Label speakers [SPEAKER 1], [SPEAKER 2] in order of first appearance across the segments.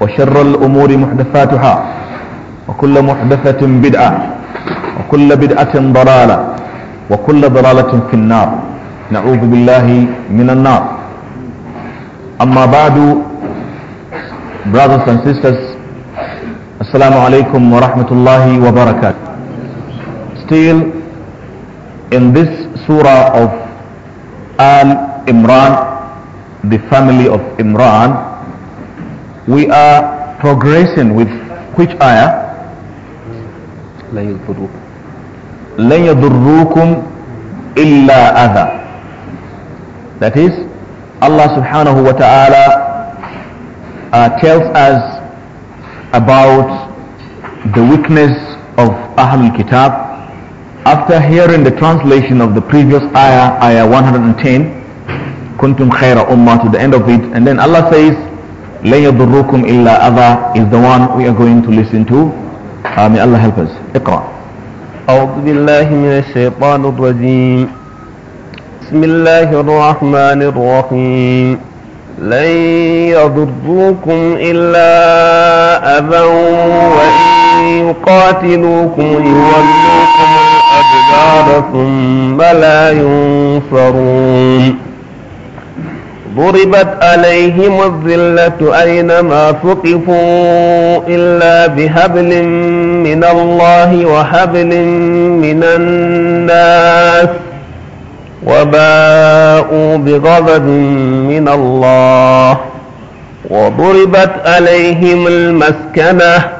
[SPEAKER 1] وشر الأمور محدثاتها وكل محدثة بدعة وكل بدعة ضلالة وكل ضلالة في النار نعوذ بالله من النار أما بعد brothers and sisters السلام عليكم ورحمة الله وبركاته still in this surah of Al Imran the family of Imran we are progressing with which ayah? لن يضروكم إلا أذى That is, Allah subhanahu wa ta'ala uh, tells us about the weakness of Ahlul Kitab after hearing the translation of the previous ayah, ayah 110, Kuntum Khaira umma to the end of it. And then Allah says, لا يضركم إلا أذى is the one we are going to listen to. Uh, may Allah help us. اقرأ.
[SPEAKER 2] أعوذ بالله من الشيطان الرجيم. بسم الله الرحمن الرحيم. لن يضركم إلا أذى وإن يقاتلوكم يولوكم الأدبار ثم لا ينصرون. ضربت عليهم الذلة أينما ثقفوا إلا بهبل من الله وهبل من الناس وباءوا بغضب من الله وضربت عليهم المسكنه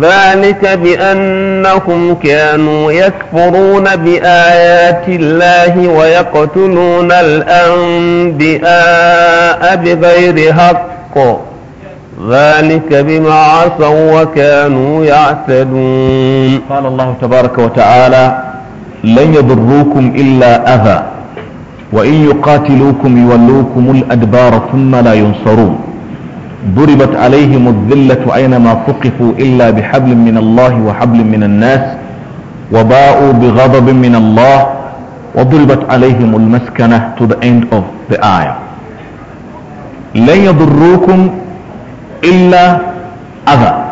[SPEAKER 2] ذلك بأنهم كانوا يكفرون بآيات الله ويقتلون الأنبياء بغير حق ذلك بما عصوا وكانوا يعتدون قال الله تبارك وتعالى
[SPEAKER 1] لن يضروكم إلا أذى وإن يقاتلوكم يولوكم الأدبار ثم لا ينصرون ضربت عليهم الذلة أينما ثقفوا إلا بحبل من الله وحبل من الناس وباءوا بغضب من الله وضربت عليهم المسكنة to the end of the ayah لن يضروكم إلا أذى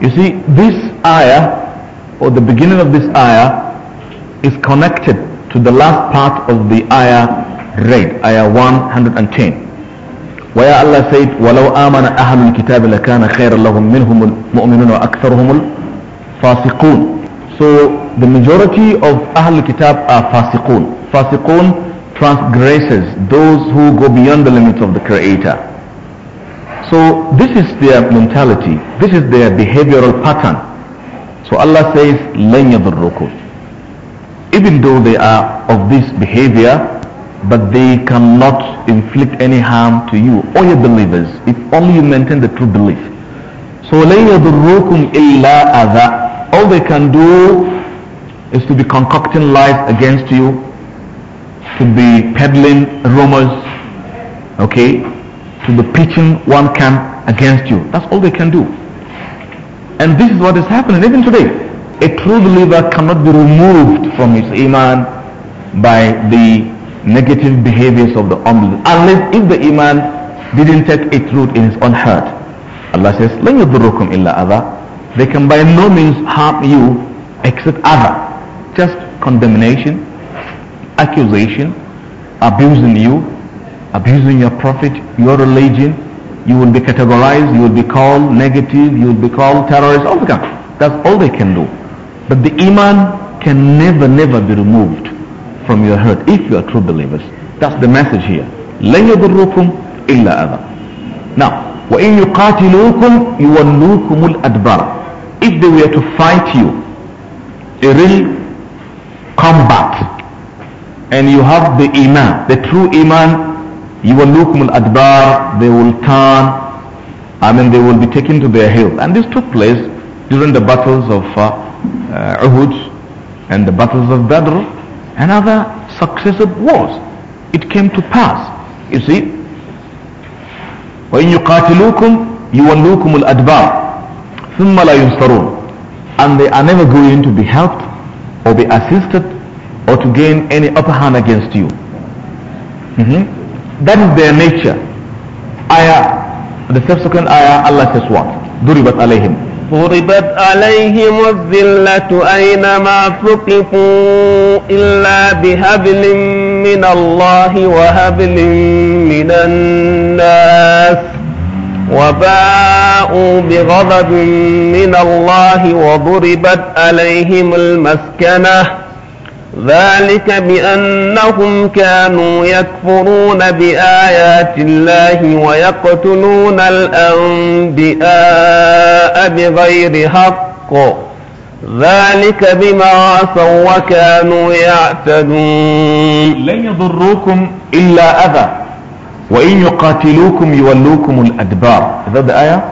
[SPEAKER 1] You see this ayah or the beginning of this ayah is connected to the last part of the ayah read ayah 110 ويا الله سيد ولو آمن أهل الكتاب لكان خير لهم منهم المؤمنون وأكثرهم الفاسقون So the majority of أهل الكتاب are فاسقون فاسقون transgresses those who go beyond the limits of the Creator. So this is their mentality. This is their behavioral pattern. So Allah says, لَنْ يَضُرُّكُمْ Even though they are of this behavior, but they cannot inflict any harm to you or your believers if only you maintain the true belief. So All they can do is to be concocting lies against you, to be peddling rumors, okay, to be pitching one camp against you. That's all they can do. And this is what is happening even today. A true believer cannot be removed from his iman by the negative behaviors of the ummah, unless if the iman didn't take its root in his own heart Allah says لن يضركم إلا أذى they can by no means harm you except other just condemnation accusation abusing you abusing your prophet your religion you will be categorized you will be called negative you will be called terrorist all the time, that's all they can do but the iman can never never be removed from your hurt if you are true believers. That's the message here. لا يضركم إلا أذى. Now, وإن يقاتلوكم يولوكم الأدبار. If they were to fight you, a real combat, and you have the iman, the true iman, يولوكم الأدبار, they will turn, I mean they will be taken to their hills. And this took place during the battles of uh, uh, Uhud and the battles of Badr another successive wars. It came to pass. You see? وَإِن يُقَاتِلُوكُمْ يُوَلُّوكُمُ الْأَدْبَارِ ثُمَّ لَا يُنْصَرُونَ And they are never going to be helped or be assisted or to gain any upper hand against you. Mm -hmm. That is their nature. Ayah, the subsequent ayah, Allah
[SPEAKER 2] says what? ضُرِبَتْ عَلَيْهِمْ ضربت عليهم الذلة أينما ثقفوا إلا بهبل من الله وهبل من الناس وباءوا بغضب من الله وضربت عليهم المسكنه ذلك بأنهم كانوا يكفرون بآيات الله ويقتلون الأنبياء بغير حق ذلك بما عصوا وكانوا يعتدون لن يضروكم إلا أذى
[SPEAKER 1] وإن يقاتلوكم يولوكم الأدبار هذا that آية؟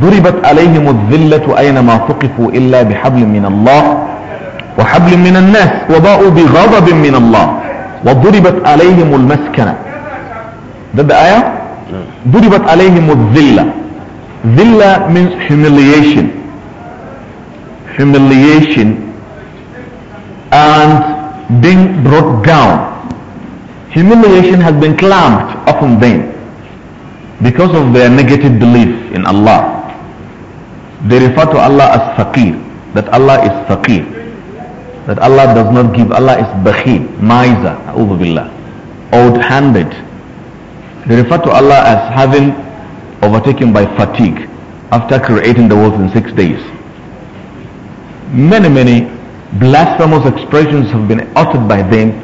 [SPEAKER 1] ضربت عليهم الذلة أينما ثقفوا إلا بحبل من الله وحبل من الناس وباءوا بغضب من الله وضربت عليهم المسكنة ده ده آية ضربت عليهم الذلة ذلة من humiliation humiliation and being brought down humiliation has been clamped upon them because of their negative belief in Allah they refer to Allah as faqir that Allah is faqir that Allah does not give. Allah is bakhil, miser, billah, old-handed. They refer to Allah as having overtaken by fatigue after creating the world in six days. Many, many blasphemous expressions have been uttered by them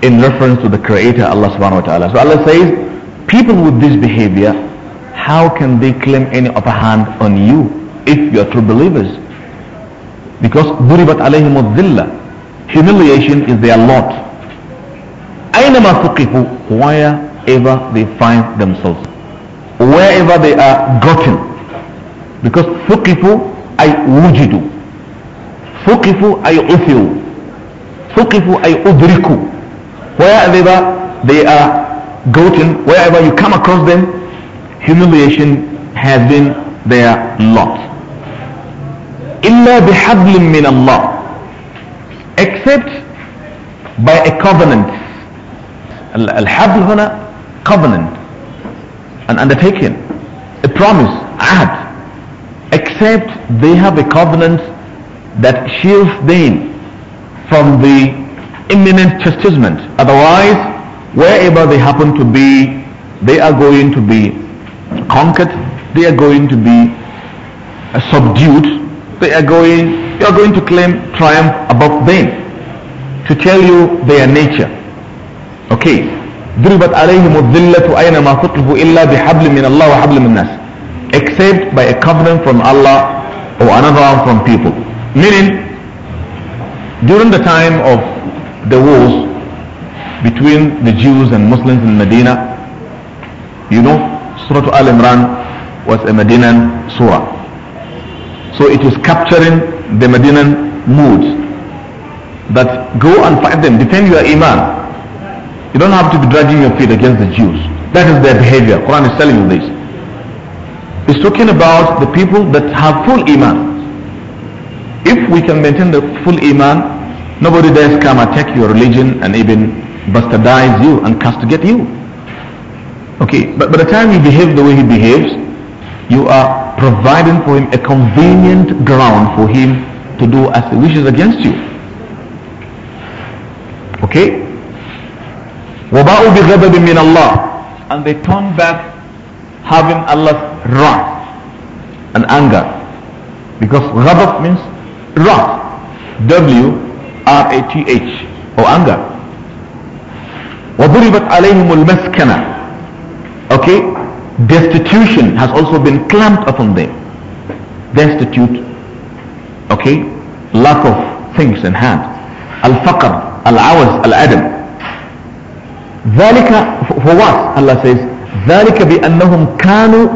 [SPEAKER 1] in reference to the Creator Allah subhanahu wa ta'ala. So Allah says, people with this behavior, how can they claim any upper hand on you if you are true believers? Because ضربت عليهم الذلة humiliation is their lot. أينما ثقفوا wherever they find themselves. Wherever they are gotten. Because ثقفوا ay wujidu ثقفوا ay عثروا. ثقفوا ay أدركوا. Wherever they are gotten, wherever you come across them, humiliation has been their lot. Except by a covenant. الحبل covenant. An undertaking. A promise. عهد. Except they have a covenant that shields them from the imminent chastisement. Otherwise, wherever they happen to be, they are going to be conquered, they are going to be uh, subdued they are going, you are going to claim triumph above them to tell you their nature. Okay. ضربت عليهم الذلة أينما تطلبوا إلا بحبل من الله وحبل من الناس except by a covenant from Allah or another one from people meaning during the time of the wars between the Jews and Muslims in Medina you know Surah Al-Imran was a Medinan surah so it is capturing the Medinan moods that go and fight them, defend your Iman. You don't have to be dragging your feet against the Jews. That is their behavior. Quran is telling you this. It's talking about the people that have full Iman. If we can maintain the full Iman, nobody dares come attack your religion and even bastardize you and castigate you. Okay, but by the time you behave the way he behaves, you are providing for him a convenient ground for him to do as he wishes against you. Okay? وَبَاءُوا بِغَضَبٍ مِّنَ اللَّهِ And they turn back having Allah's wrath and anger. Because ghadab means wrath. W-R-A-T-H or anger. وَضُرِبَتْ عَلَيْهِمُ الْمَسْكَنَةِ Okay? Destitution has also been clamped upon them. Destitute, okay, lack of things in hand. Al-faqr, al-awaz, al-adam. ذلك for what? Allah says, ذلك بأنهم كانوا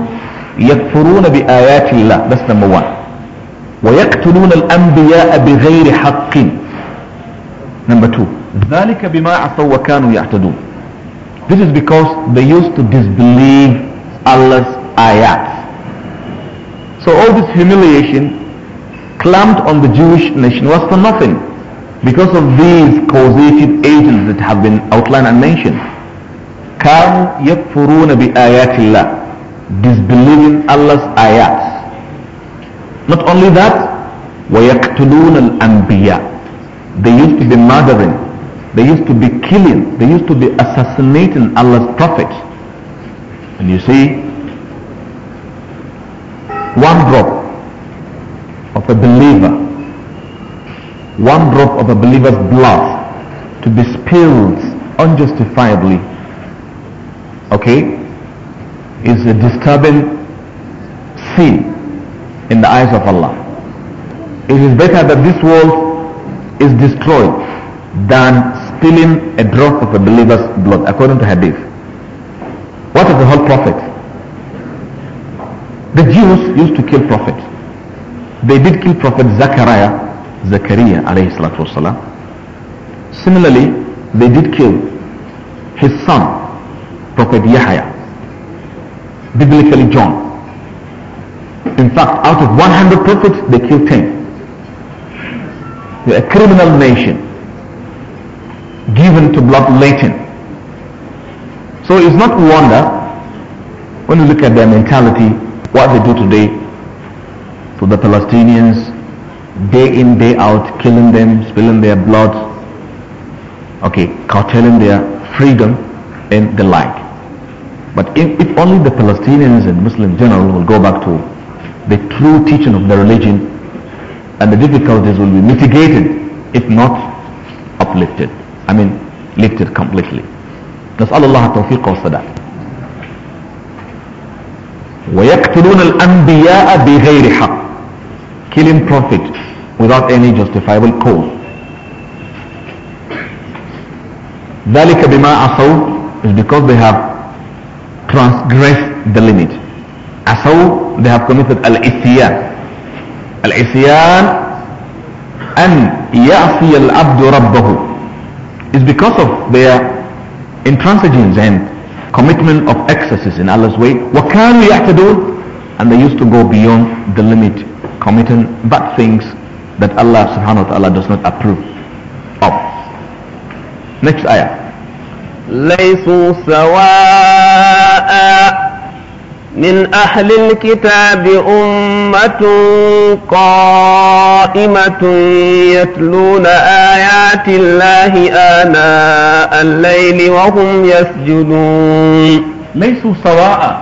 [SPEAKER 1] يكفرون بآيات الله. That's number one. ويقتلون الأنبياء بغير حق. Number two. ذلك بما عصوا وكانوا يعتدون. This is because they used to disbelieve Allah's ayat. So all this humiliation clamped on the Jewish nation was for nothing because of these causative agents that have been outlined and mentioned. كانوا يكفرون بآيات الله disbelieving Allah's ayat. Not only that, وَيَقْتُلُونَ الْأَنْبِيَاء They used to be murdering, they used to be killing, they used to be assassinating Allah's prophets. And you see, one drop of a believer, one drop of a believer's blood to be spilled unjustifiably, okay, is a disturbing sin in the eyes of Allah. It is better that this world is destroyed than spilling a drop of a believer's blood, according to hadith. What is the whole prophet? The Jews used to kill prophets. They did kill prophet Zechariah, Zechariah alayhi salatu wasalam. Similarly, they did kill his son, prophet Yahya, biblically John. In fact, out of 100 prophets, they killed 10. They're a criminal nation given to bloodletting so it's not wonder when you look at their mentality, what they do today to the Palestinians, day in, day out, killing them, spilling their blood, okay, curtailing their freedom and the like. But if, only the Palestinians and Muslims general will go back to the true teaching of the religion and the difficulties will be mitigated if not uplifted. I mean lifted completely. نسأل الله التوفيق والسداد ويقتلون الأنبياء بغير حق killing prophet without any justifiable cause ذلك بما عصوا is because they have transgressed the limit عصوا they have committed الاسيان الاسيان أن يعصي العبد ربه is because of their intransigence and commitment of excesses in Allah's way. what can we to do? And they used to go beyond the limit, committing bad things that Allah subhanahu wa ta'ala does not approve of.
[SPEAKER 2] Next ayah. من أهل الكتاب أمة قائمة يتلون آيات الله آناء الليل وهم يسجدون ليسوا سواء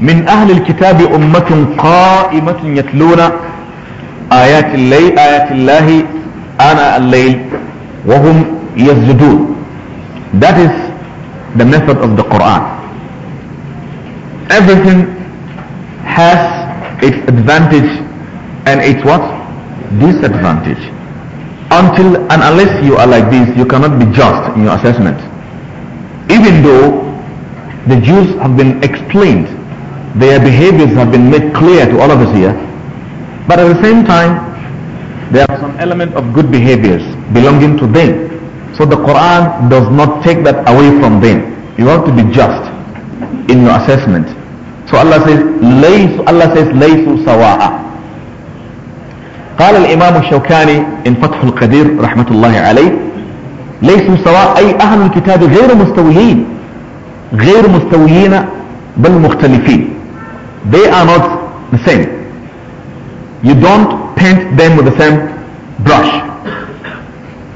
[SPEAKER 2] من أهل الكتاب أمة
[SPEAKER 1] قائمة يتلون آيات الليل آيات الله آناء الليل وهم يسجدون That is the method of the Quran. everything has its advantage and its what? Disadvantage. Until and unless you are like this, you cannot be just in your assessment. Even though the Jews have been explained, their behaviors have been made clear to all of us here, but at the same time, there are some element of good behaviors belonging to them. So the Quran does not take that away from them. You have to be just in your assessment. So Allah says, ليس, Allah says, ليس سواء. قال الإمام الشوكاني إن فتح القدير رحمة الله عليه ليس سواء أي أهل الكتاب غير مستويين غير مستويين بل مختلفين they are not the same you don't paint them with the same brush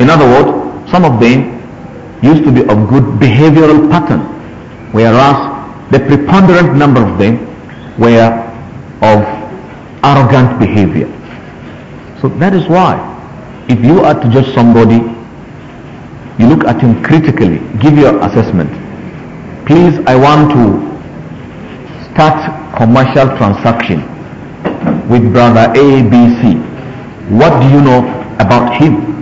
[SPEAKER 1] in other words some of them used to be of good behavioral pattern whereas the preponderant number of them were of arrogant behavior. So that is why if you are to judge somebody, you look at him critically, give your assessment. Please, I want to start commercial transaction with brother A, B, C. What do you know about him?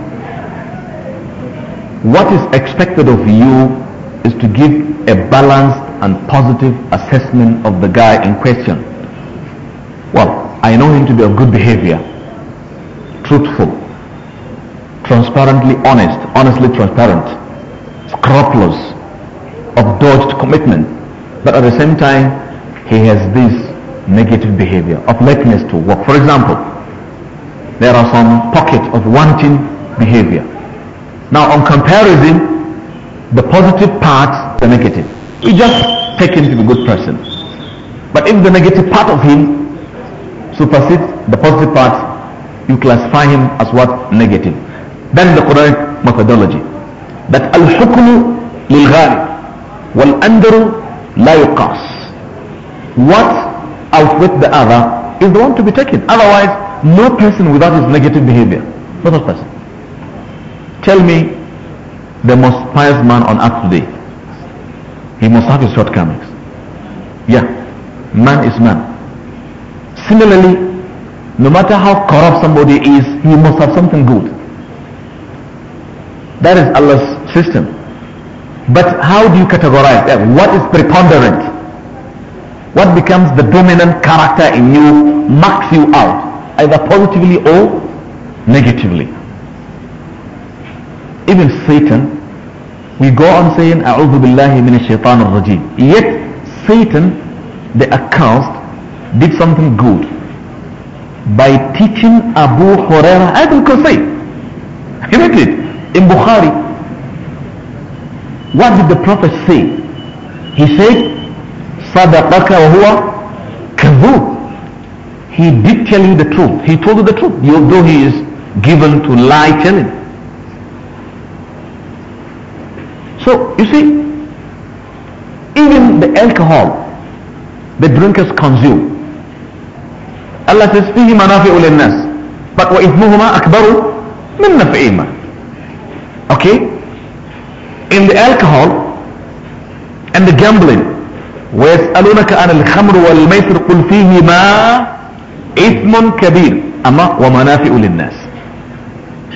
[SPEAKER 1] What is expected of you is to give a balanced and positive assessment of the guy in question. Well, I know him to be of good behavior, truthful, transparently honest, honestly transparent, scrupulous, of dodged commitment. But at the same time, he has this negative behavior of lateness to work. For example, there are some pockets of wanting behavior. Now on comparison, the positive parts, the negative you just take him to be a good person. But if the negative part of him supersedes the positive part, you classify him as what? Negative. Then the Quranic methodology. That al-hukmu lil wal-andaru la yuqas. What outwith the other is the one to be taken. Otherwise, no person without his negative behavior. Not a person. Tell me the most pious man on earth today. He must have his shortcomings. Yeah, man is man. Similarly, no matter how corrupt somebody is, he must have something good. That is Allah's system. But how do you categorize that? What is preponderant? What becomes the dominant character in you, marks you out, either positively or negatively? Even Satan we go on saying أعوذ بالله من الشيطان الرجيم yet Satan the accursed did something good by teaching Abu Hurairah Abul Qasay isn't it in Bukhari what did the prophet say he said صدقك وهو كذوب he did tell you the truth he told you the truth although he is given to lie telling So you see, even the alcohol the drinkers consume. Allah says, فيه منافع للناس but وإثمهما أكبر من نفعهما. Okay? In the alcohol and the gambling ويسألونك عن الخمر والميسر قل فيهما إثم كبير أما ومنافع للناس.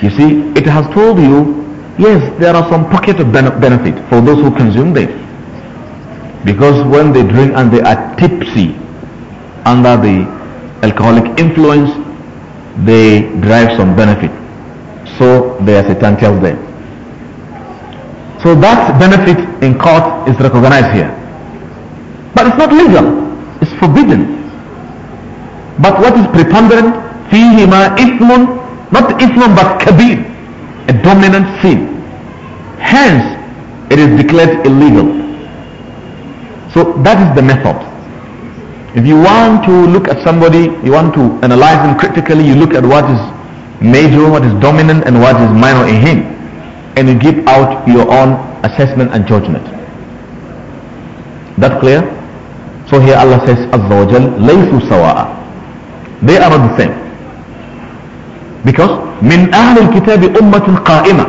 [SPEAKER 1] You see, it has told you Yes, there are some pocket of benefit for those who consume them. Because when they drink and they are tipsy under the alcoholic influence, they derive some benefit. So there's a tantal there. So that benefit in court is recognized here. But it's not legal. It's forbidden. But what is preponderant? فيهما إثم not إثم but كبير a dominant sin. Hence, it is declared illegal. So that is the method. If you want to look at somebody, you want to analyze him critically, you look at what is major, what is dominant, and what is minor in him. And you give out your own assessment and judgment. That clear? So here Allah says, Azza wa Jal, They are not the same. because من أهل الكتاب أمة قائمة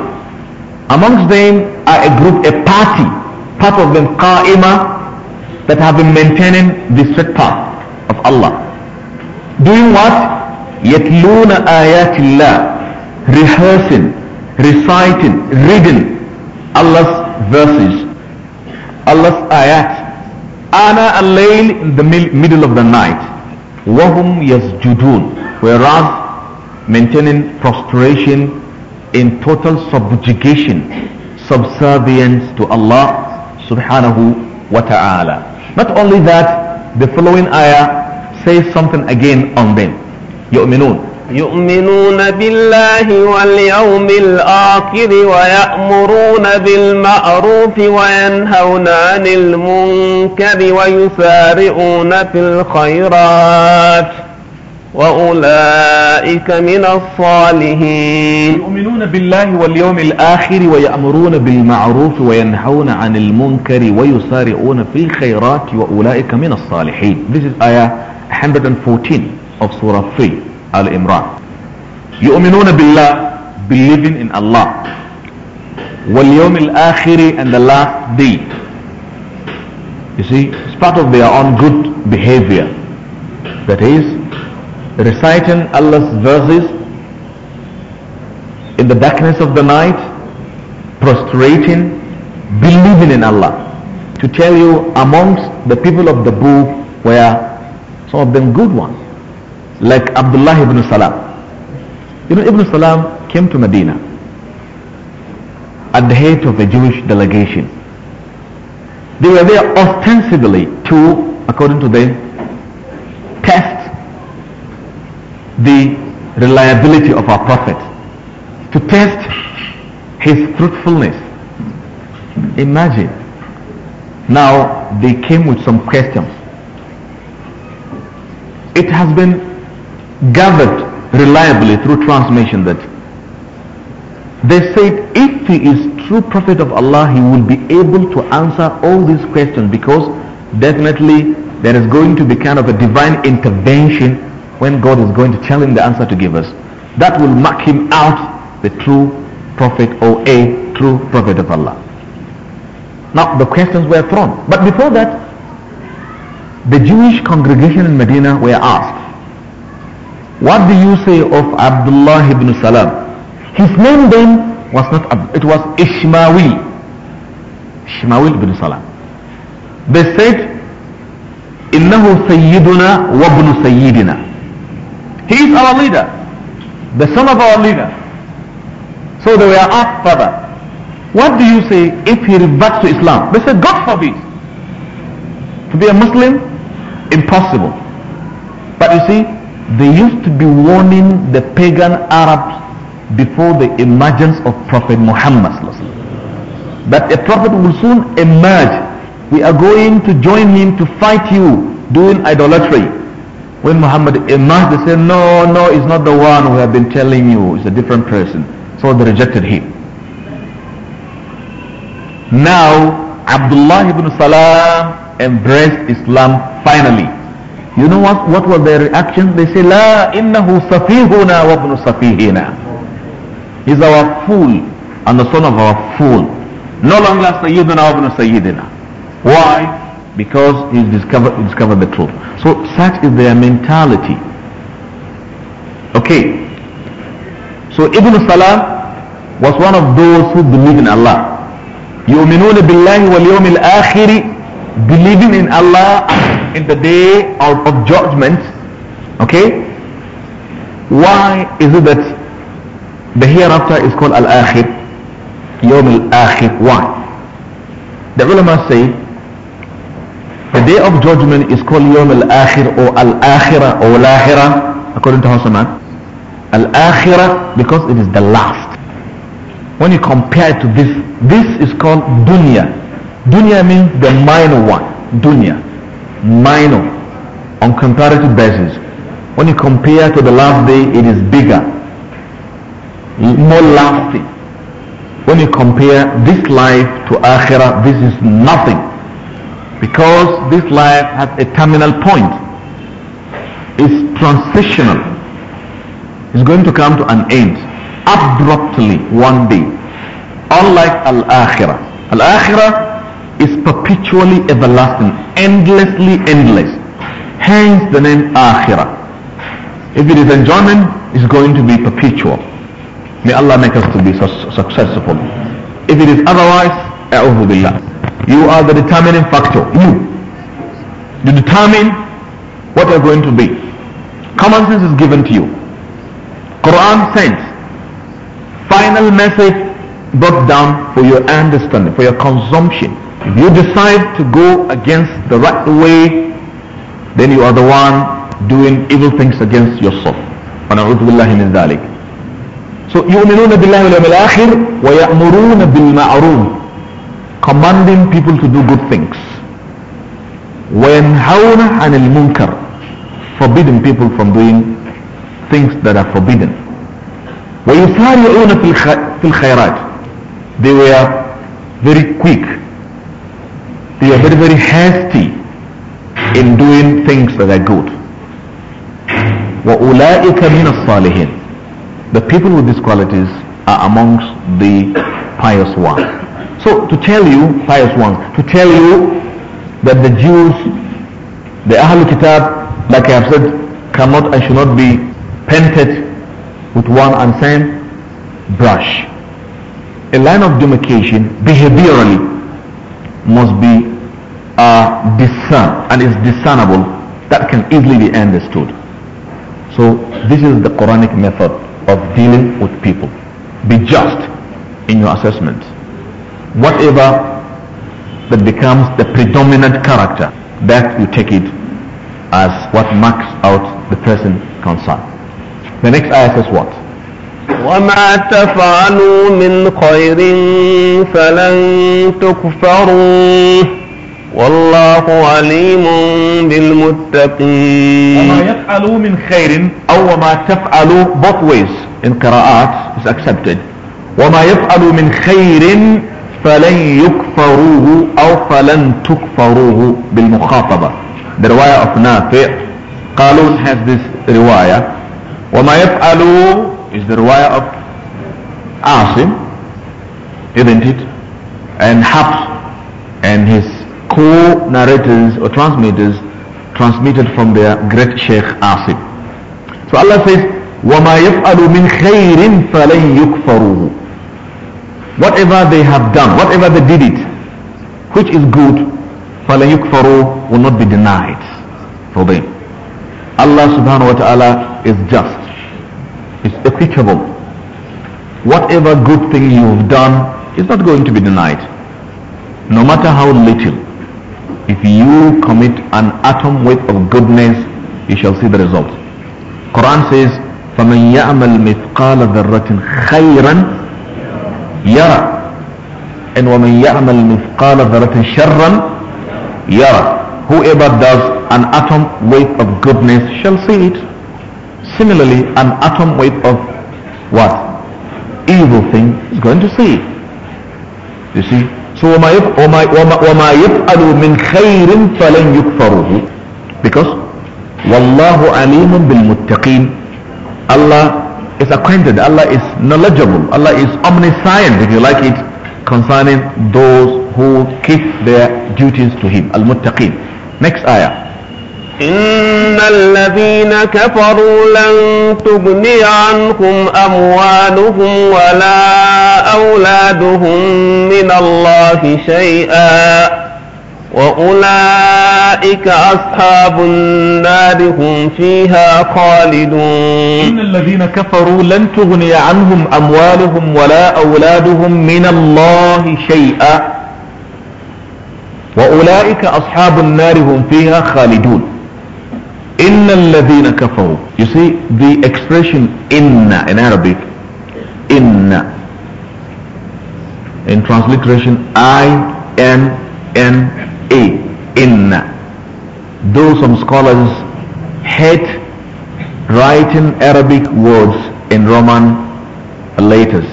[SPEAKER 1] amongst them are a group a party part of them قائمة that have been maintaining the straight path of Allah doing what يتلون آيات الله rehearsing reciting reading Allah's verses Allah's ayat أنا الليل in the middle of the night. وهم يسجدون Whereas maintaining prostration in total subjugation, subservience to Allah subhanahu wa ta'ala. Not only that, the following ayah says something again on them. يؤمنون
[SPEAKER 2] يؤمنون بالله واليوم الآخر ويأمرون بالمعروف وينهون عن المنكر ويسارعون في الخيرات وأولئك من الصالحين يؤمنون
[SPEAKER 1] بالله واليوم الآخر ويأمرون بالمعروف وينهون عن المنكر ويسارعون في الخيرات وأولئك من الصالحين This is ayah 114 of Surah 3 Al-Imran يؤمنون بالله believing in Allah واليوم الآخر and the last day You see, it's part of their own good behavior That is, reciting Allah's verses in the darkness of the night, prostrating, believing in Allah. To tell you, amongst the people of the book were some of them good ones, like Abdullah ibn Salam. You know, Ibn Salam came to Medina at the head of a Jewish delegation. They were there ostensibly to, according to them, test the reliability of our prophet, to test his truthfulness. Imagine. Now they came with some questions. It has been gathered reliably through transmission that they said if he is true prophet of Allah he will be able to answer all these questions because definitely there is going to be kind of a divine intervention when God is going to tell him the answer to give us. That will mark him out the true prophet or a true prophet of Allah. Now the questions were thrown. But before that, the Jewish congregation in Medina were asked, what do you say of Abdullah ibn Salam? His name then was not, it was Ishmael. Ishmael ibn Salam. They said, إنه سيدنا وابن سيدنا he is our leader, the son of our leader. So they were asked, Father, what do you say if he reverts to Islam? They said, God forbid. To be a Muslim? Impossible. But you see, they used to be warning the pagan Arabs before the emergence of Prophet Muhammad. That a prophet will soon emerge. We are going to join him to fight you doing idolatry. When Muhammad emerged, they said, no, no, it's not the one we have been telling you. It's a different person. So they rejected him. Now, Abdullah ibn Salam embraced Islam finally. You know what, what was their reaction? They say, La innahu safihuna wa ibn na. He's our fool and the son of our fool. No longer Sayyidina wa ibn Sayyidina. Why? because he's discovered, discovered the truth. So such is their mentality. Okay. So Ibn Salah was one of those who believe in Allah. يؤمنون بالله واليوم الآخر believing in Allah in the day of, of judgment. Okay? Why is it that the hereafter is called Al-Akhir? Yawm al Why? The ulama say the day of judgment is called Yom al-Akhir or al-Akhirah or al according to Hassaman. Al-Akhirah because it is the last. When you compare it to this, this is called dunya. Dunya means the minor one. Dunya. Minor. On comparative basis. When you compare to the last day, it is bigger. More lasting. When you compare this life to Akhirah, this is nothing because this life has a terminal point. It's transitional. It's going to come to an end abruptly one day. Unlike Al-Akhirah. Al-Akhirah is perpetually everlasting, endlessly endless. Hence the name Akhirah. If it is enjoyment, it's going to be perpetual. May Allah make us to be successful. If it is otherwise, أعوذ بالله you are the determining factor. You. You determine what you're going to be. Common sense is given to you. Quran says, Final message brought down for your understanding, for your consumption. If you decide to go against the right way, then you are the one doing evil things against yourself. So the and بالله واليوم الآخر the بالمعروف commanding people to do good things. وَيَنْهَوْنَ عَنِ الْمُنْكَرِ Forbidding people from doing things that are forbidden. وَيُسَارِعُونَ فِي الْخَيْرَاتِ They were very quick. They were very, very hasty in doing things that are good. وَأُولَٰئِكَ مِنَ الصَّالِحِينَ The people with these qualities are amongst the pious ones. So to tell you, pious one, to tell you that the Jews, the Ahlul Kitab, like I have said, cannot and should not be painted with one and same brush. A line of demarcation behaviorally must be uh, discerned and is discernible that can easily be understood. So this is the Quranic method of dealing with people. Be just in your assessment whatever that becomes the predominant character, that you take it as what marks out the person concerned. The next ayah says what?
[SPEAKER 2] وما تفعلوا من خير فلن تكفروه والله عليم بالمتقين وما يفعلوا
[SPEAKER 1] من خير أو مَا تفعلوا both ways in قراءات is accepted وما يفعلوا من خير فلن يكفروه أو فلن تكفروه بالمخاطبة The رواية of نافع قالون has this رواية وما يفعلوا is the riwayah of Asim isn't it and Hafs and his co-narrators or transmitters transmitted from their great Sheikh Asim. So Allah says, وَمَا يَفْعَلُ مِنْ خَيْرٍ فَلَنْ يُكْفَرُوهُ whatever they have done, whatever they did it, which is good, فَلَيُكْفَرُوا will not be denied for them. Allah subhanahu wa ta'ala is just. It's equitable. Whatever good thing you've done is not going to be denied. No matter how little, if you commit an atom weight of goodness, you shall see the result. Quran says, فَمَنْ يَعْمَلْ مِثْقَالَ ذَرَّةٍ خَيْرًا يرى and ومن يعمل مثقال ذرة شرا يرى whoever does an atom weight of goodness shall see it similarly an atom weight of what evil thing is going to see it you see so وما وما وما وما يفعلوا من خير فلن يكفره because والله عليم بالمتقين الله is acquainted, Allah is knowledgeable, Allah is omniscient, if you like it, concerning those who keep their duties to Him. Al-Muttaqeen. Next ayah.
[SPEAKER 2] إن الذين كفروا لن تغني عنهم أموالهم ولا أولادهم من الله شيئا وأولئك أصحاب النار هم فيها خالدون إن الذين كفروا لن تغني عنهم أموالهم ولا أولادهم من الله شيئا
[SPEAKER 1] وأولئك أصحاب النار هم فيها خالدون إن الذين كفروا You see the expression إن in Arabic إن in transliteration I N N A. In. Though some scholars hate writing Arabic words in Roman letters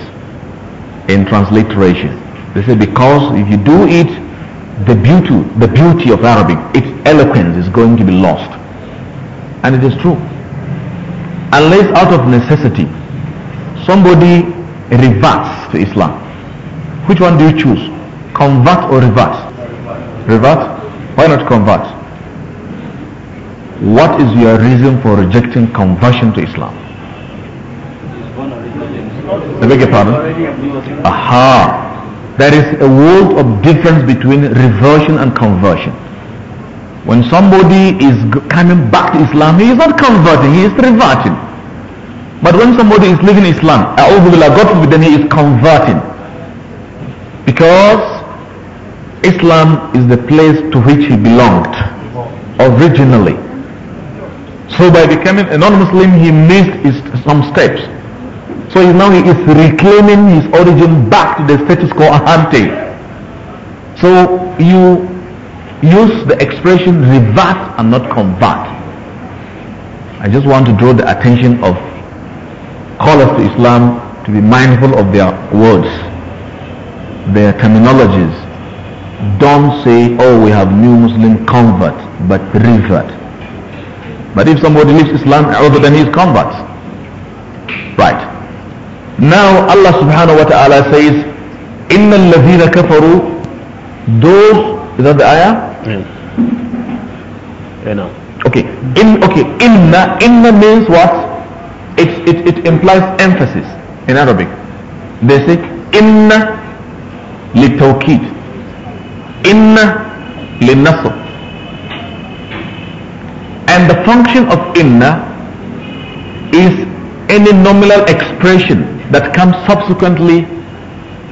[SPEAKER 1] in transliteration. They say because if you do it, the beauty, the beauty of Arabic, its eloquence is going to be lost. And it is true. Unless out of necessity, somebody reverts to Islam. Which one do you choose? Convert or reverse? revert? Why not convert? What is your reason for rejecting conversion to Islam?
[SPEAKER 3] I beg your pardon? Aha!
[SPEAKER 1] There is a world of difference between reversion and conversion. When somebody is coming back to Islam, he is not converting, he is reverting. But when somebody is leaving Islam, God forbid, then he is converting. Because Islam is the place to which he belonged originally. So by becoming a non-Muslim, he missed his, some steps. So now he is reclaiming his origin back to the status quo ante. So you use the expression reverse and not convert. I just want to draw the attention of callers to Islam to be mindful of their words, their terminologies, don't say, oh, we have new Muslim convert, but revert. But if somebody leaves Islam, other than his convert. Right. Now Allah subhanahu wa ta'ala says, إِنَّ الَّذِينَ كَفَرُوا Those, is that the ayah?
[SPEAKER 2] Yeah. yeah no.
[SPEAKER 1] Okay. In, okay. Inna, inna means what? It, it, it implies emphasis in Arabic. They say, inna litawkid in للنصب and the function of inna is any nominal expression that comes subsequently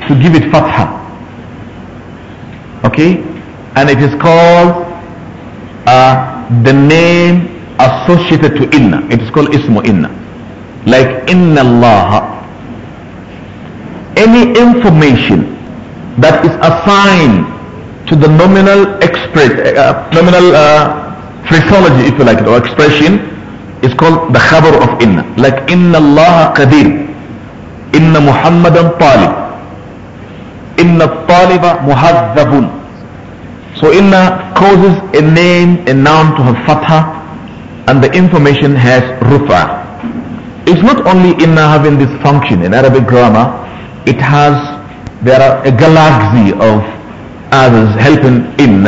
[SPEAKER 1] to give it fatha okay and it is called uh, the name associated to inna it is called ismu inna like inna allah any information that is assigned to the nominal express, uh, nominal uh, phraseology, if you like, it, or expression, is called the khabar of inna. Like inna Allah qadir, inna Muhammadan talib, inna taliba muhazzabun. So inna causes a name, a noun to have fatha, and the information has rufa. It's not only inna having this function in Arabic grammar, it has, there are a galaxy of others helping in.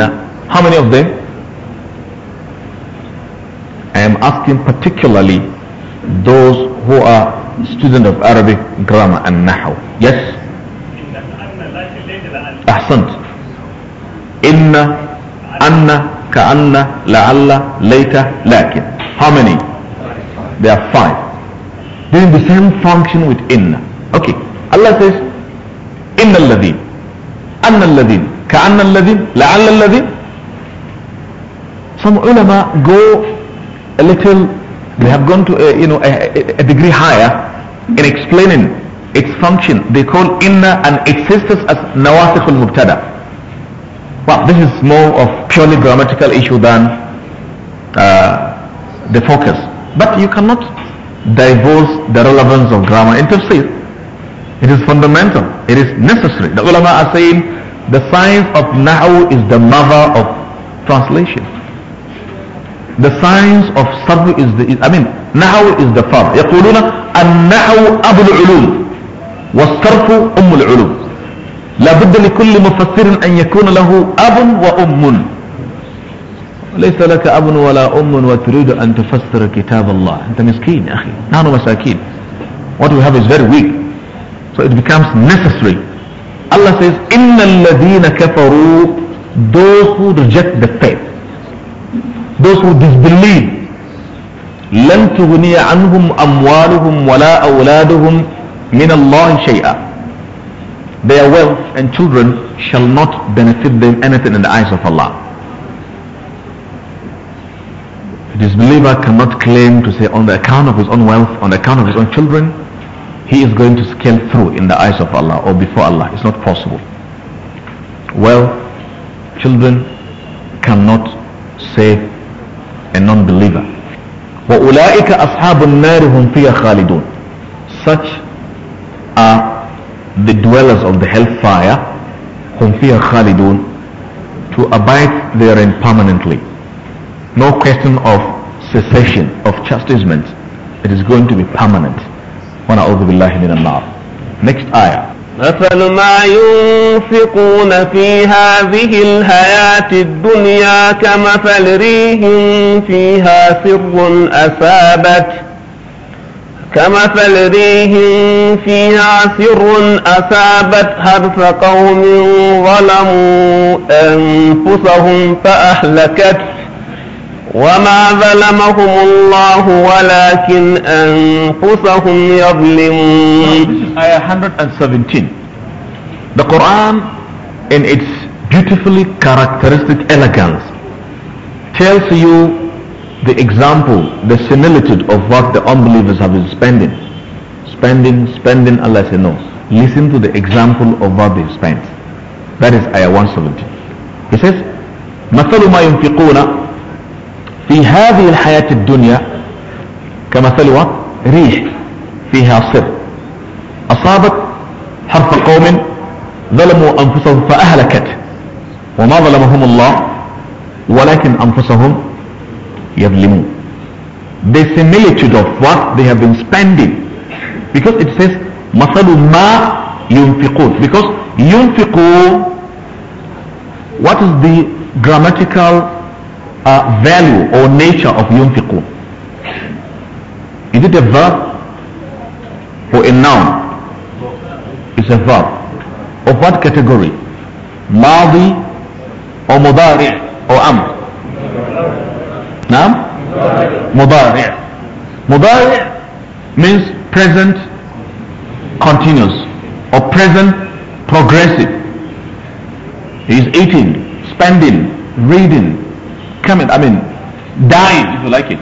[SPEAKER 1] How many of them? I am asking particularly those who are students of Arabic grammar and Nahu. Yes? Ahsant. Inna, anna, ka'anna, la'alla, later, lakin. How many? There are five. Doing the same function with inna. Okay. Allah says, inna alladhin, anna alladhin, كأن لعل some ulama go a little they have gone to a, you know a, a degree higher in explaining its function they call inna and its as nawasikh al-mubtada well this is more of purely grammatical issue than uh, the focus but you cannot divorce the relevance of grammar in tafsir it is fundamental it is necessary the ulama are saying The science of Nahu is the mother of translation. The science of Sabu is the, is, I mean, Nahu is the father. يقولون النحو أبو العلوم والصرف أم العلوم لابد لكل مفسر أن يكون له أب وأم ليس لك أب ولا أم وتريد أن تفسر كتاب الله أنت مسكين يا أخي نحن مساكين what we have is very weak so it becomes necessary Allah says, إِنَّ الَّذِينَ كَفَرُوا Those who reject the faith, those who disbelieve, لن تغني عنهم أموالهم ولا أولادهم من الله شيئا Their wealth and children shall not benefit them anything in the eyes of Allah. The disbeliever cannot claim to say on the account of his own wealth, on the account of his own children, he is going to scale through in the eyes of Allah or before Allah. It's not possible. Well, children cannot save a non-believer. وَأُولَٰئِكَ أَصْحَابُ النَّارِ هُمْ خَالِدُونَ Such are the dwellers of the hellfire, هُمْ فِيهَا خَالِدُونَ to abide therein permanently. No question of cessation, of chastisement. It is going to be permanent. ونعوذ بالله من النار next ayah
[SPEAKER 2] مثل ما ينفقون في هذه الحياة الدنيا كمثل ريح فيها سر أصابت كمثل ريح فيها سر أصابت حرث قوم ظلموا أنفسهم فأهلكته وما ظلمهم الله ولكن أنفسهم يظلمون Ayah 117
[SPEAKER 1] The Quran in its beautifully characteristic elegance tells you the example, the similitude of what the unbelievers have been spending. Spending, spending, Allah says no. Listen to the example of what they spent. That is Ayah 117. He says, مثل ما ينفقون في هذه الحياة الدنيا كمثل ريح فيها صر أصابت حرف قوم ظلموا أنفسهم فأهلكت وما ظلمهم الله ولكن أنفسهم يظلمون the similitude of what they have been spending because it says مثل ما ينفقون because ينفقوا what is the grammatical uh, value or nature of yunfiqun? Is it a verb or a noun? It's a verb. Of what category? Madi or mudari or am? Nam? Mudari. Mudari means present continuous or present progressive. He's is eating, spending, reading, coming, I mean, dying, if you like it.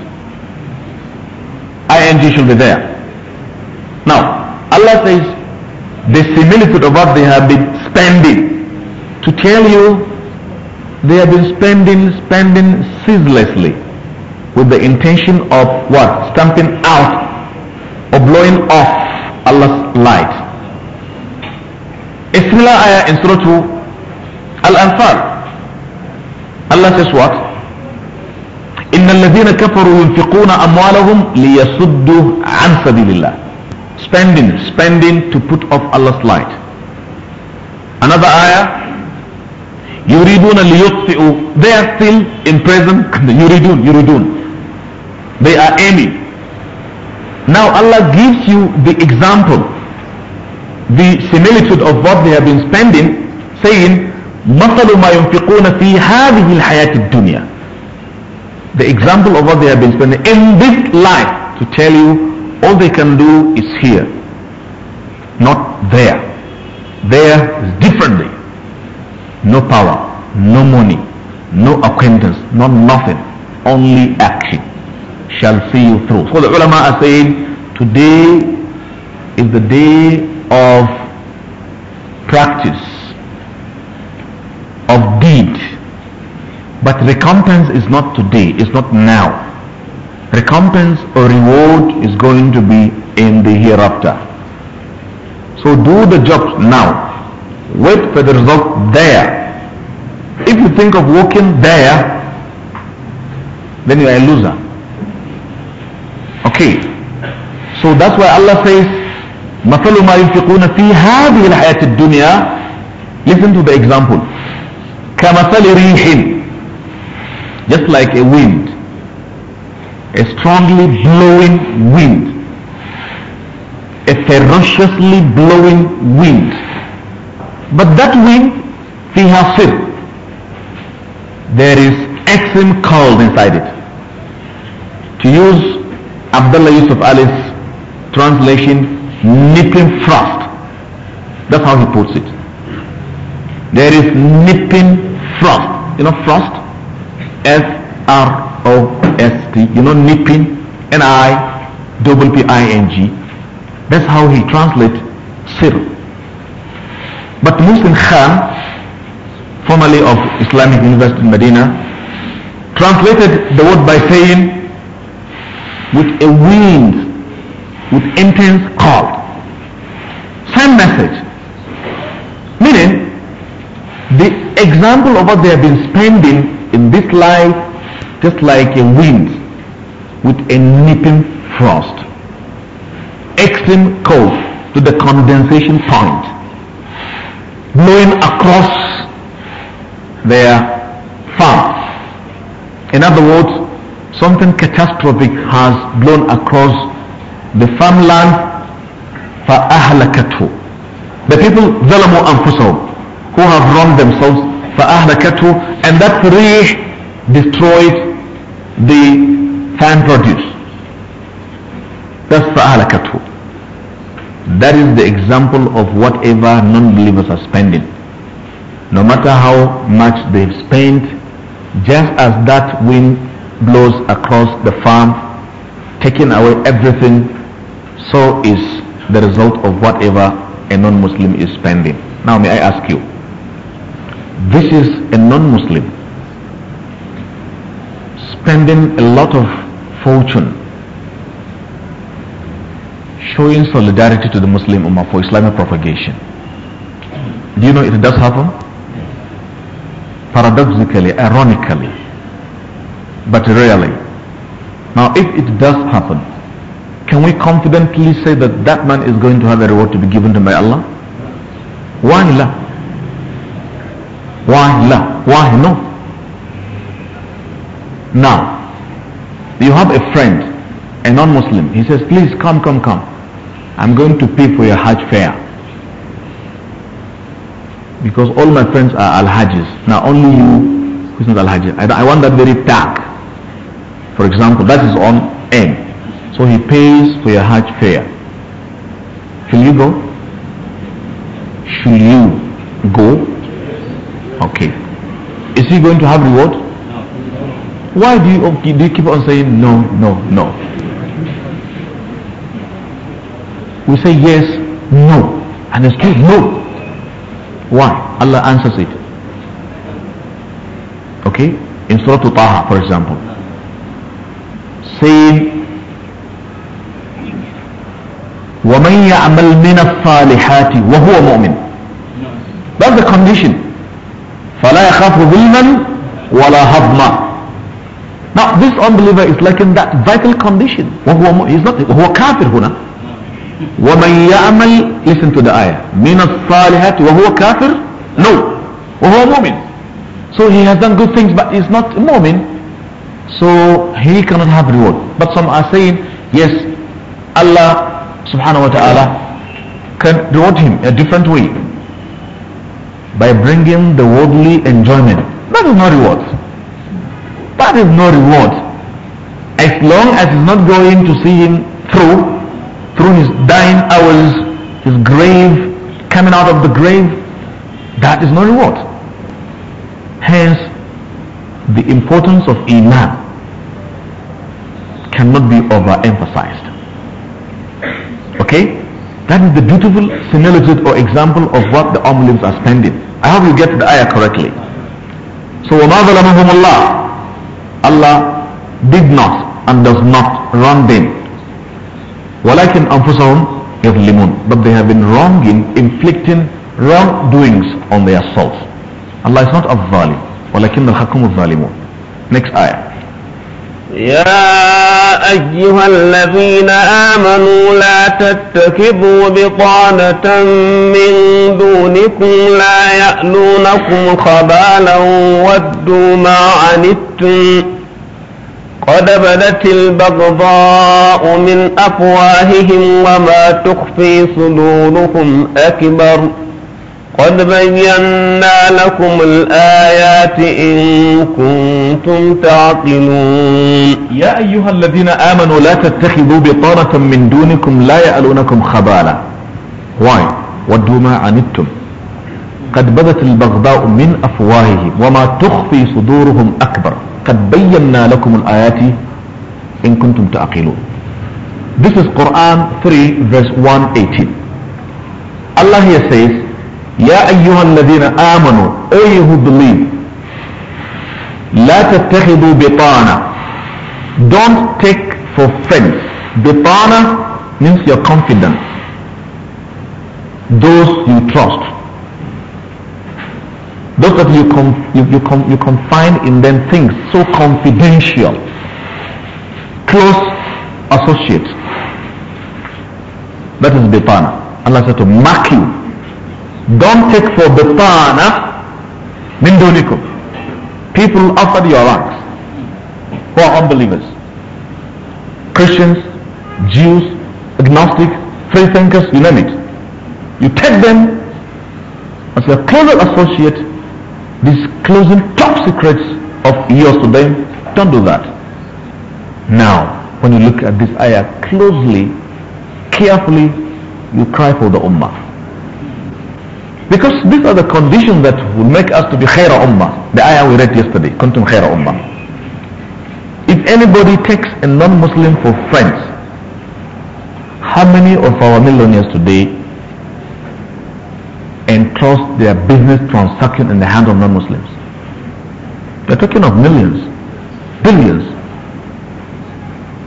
[SPEAKER 1] ING should be there. Now, Allah says, the similitude of what they have been spending. To tell you, they have been spending, spending ceaselessly with the intention of what? Stamping out or blowing off Allah's light. A similar ayah in Surah Al-Anfal. Allah says what? إن الذين كفروا ينفقون أموالهم ليصدوا عن سبيل الله spending spending to put off Allah's light another ayah يريدون ليطفئوا they are still in prison يريدون يريدون they are aiming now Allah gives you the example the similitude of what they have been spending saying مثل ما ينفقون في هذه الحياة الدنيا the example of what they have been spending in this life to tell you all they can do is here, not there. There is differently. No power, no money, no acquaintance, not nothing, only action shall see you through. So the ulama are saying today is the day of practice, of deed but recompense is not today, it's not now. Recompense or reward is going to be in the hereafter. So do the job now. Wait for the result there. If you think of working there, then you are a loser. Okay. So that's why Allah says, مثل ما ينفقون في هذه الحياة الدنيا Listen to the example. كمثل ريح just like a wind, a strongly blowing wind, a ferociously blowing wind. But that wind, he has said, There is extreme cold inside it. To use Abdullah Yusuf Ali's translation, nipping frost. That's how he puts it. There is nipping frost. You know frost? S-R-O-S-T. You know, nipping, N-I-P-P-I-N-G. That's how he translates sir. But Muslim Khan, formerly of Islamic University in Medina, translated the word by saying, with a wind, with intense cold. Same message. Meaning, the example of what they have been spending in this life just like a wind with a nipping frost. Extreme cold to the condensation point, blowing across their farm. In other words, something catastrophic has blown across the farmland فأهلكته the people and أنفسهم who have wronged themselves فأهلكته and that rih destroyed the farm produce that's فأهلكته that is the example of whatever non-believers are spending no matter how much they've spent just as that wind blows across the farm taking away everything so is the result of whatever a non-muslim is spending now may i ask you this is a non-Muslim spending a lot of fortune showing solidarity to the Muslim Ummah for Islamic propagation. Do you know it does happen? Paradoxically, ironically, but really. Now if it does happen, can we confidently say that that man is going to have a reward to be given to him by Allah? Why not? Why la? Why no? Now, you have a friend, a non-Muslim. He says, please come, come, come. I'm going to pay for your Hajj fare. Because all my friends are Al-Hajjis. Now only you who's not Al-Hajj. I, I want that very tag. For example, that is on end. So he pays for your Hajj fare. Should you go? Should you go? Okay. Is he going to have reward? Why do you, do you keep on saying no, no, no? We say yes, no, and it's true, no. Why? Allah answers it. Okay? In Surah Taha, for example, saying, وَمَنْ يَعْمَلْ مِنَ الصَّالِحَاتِ وَهُوَ مُؤْمِنٌ That's the condition. فَلَا يَخَافُ ظِلْمًا وَلَا هَضْمًا Now this unbeliever is like in that vital condition. وهو, he's not, وهو كافر هنا. وَمَنْ يَعْمَلْ Listen to the ayah. مِنَ الصَّالِحَاتِ وَهُوَ كَافِرٌ No. وهو مؤمن. So he has done good things but he's not a mu'min. So he cannot have reward. But some are saying, yes, Allah subhanahu wa ta'ala can reward him a different way. by bringing the worldly enjoyment. That is no reward. That is no reward. As long as he's not going to see him through, through his dying hours, his grave, coming out of the grave, that is no reward. Hence, the importance of Iman cannot be overemphasized. Okay? That is the beautiful similitude or example of what the unbelievers are spending. I hope you get the ayah correctly. So وَمَا ظَلَمَهُمُ اللَّهِ Allah did not and does not wrong them. وَلَكِنْ أَنفُسَهُمْ يَظْلِمُونَ But they have been wronging, inflicting wrongdoings on their souls. Allah is not الظالم ولكن الحكم الظالمون. Next ayah.
[SPEAKER 2] يا أيها الذين آمنوا لا تتخذوا بطانة من دونكم لا يألونكم خبالا ودوا ما عنتم قد بدت البغضاء من أفواههم وما تخفي صدورهم أكبر قد بينا لكم الآيات إن كنتم تعقلون يا أيها الذين آمنوا لا تتخذوا بطانة
[SPEAKER 1] من دونكم لا يألونكم خبالا Why? ودوا ما عنتم قد بدت البغضاء من أفواههم وما تخفي صدورهم أكبر قد بينا لكم الآيات إن كنتم تعقلون This is Quran 3 verse 118 Allah here says يا أيها الذين آمنوا أي believe لا تتخذوا بطانة don't take for friends بطانة means your confidence those you trust those that you, com you, you, com you confine in them things so confidential close associates that is بطانة Allah said to mark you don't take for bitana min dunikum. People outside your ranks who are unbelievers. Christians, Jews, agnostics, free thinkers, you name it. You take them as your closer associate, disclosing top secrets of yours to them. Don't do that. Now, when you look at this ayah closely, carefully, you cry for the ummah. Because these are the conditions that will make us to be khaira ummah. The ayah we read yesterday, kuntum khaira ummah. If anybody takes a non-Muslim for friends, how many of our millionaires today entrust their business transaction in the hands of non-Muslims? They're talking of millions, billions,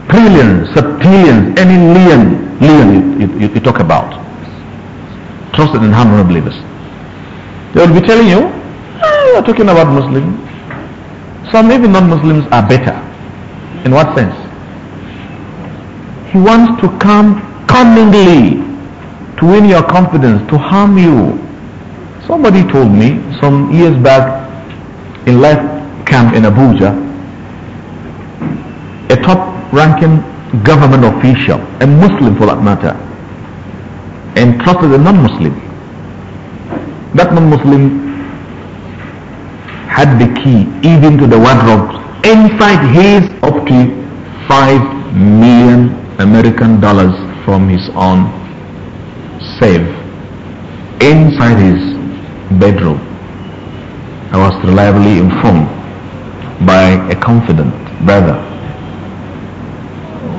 [SPEAKER 1] trillions, septillions, any million, million you, you, you talk about trusted in hand of believers. They will be telling you, ah, you are talking about Muslims. Some even non-Muslims are better. In what sense? He wants to come cunningly to win your confidence, to harm you. Somebody told me some years back in life camp in Abuja, a top-ranking government official, a Muslim for that matter, entrusted a non-Muslim that non-Muslim had the key even to the wardrobe inside his up to 5 million American dollars from his own save inside his bedroom. I was reliably informed by a confident brother.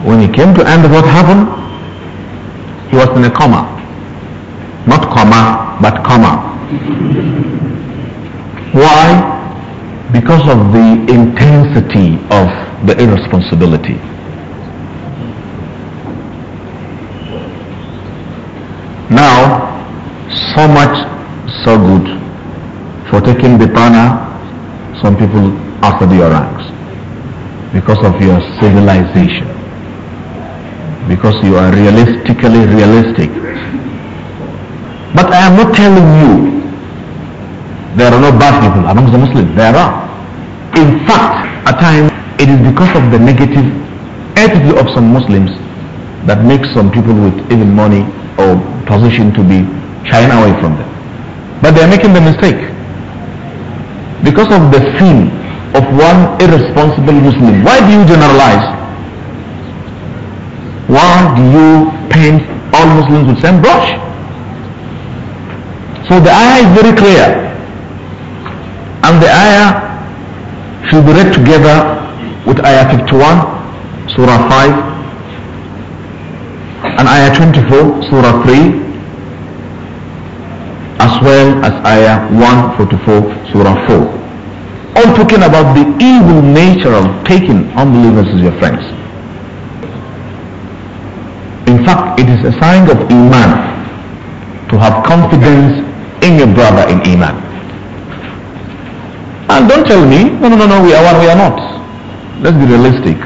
[SPEAKER 1] When he came to end of what happened, he was in a coma. Not coma, but coma. Why? Because of the intensity of the irresponsibility. Now, so much, so good for taking the banner. Some people after your ranks because of your civilization, because you are realistically realistic. But I am not telling you there are no bad people amongst the Muslims. There are. In fact, at times, it is because of the negative attitude of some Muslims that makes some people with even money or position to be shying away from them. But they are making the mistake. Because of the sin of one irresponsible Muslim. Why do you generalize? Why do you paint all Muslims with same brush? So the ayah is very clear. And the ayah should be read together with ayah 51, surah 5, and ayah 24, surah 3, as well as ayah 144, surah 4. All talking about the evil nature of taking unbelievers as your friends. In fact, it is a sign of Iman to have confidence in your brother in Iman. And don't tell me, no, no, no, no, we are one, we are not. Let's be realistic.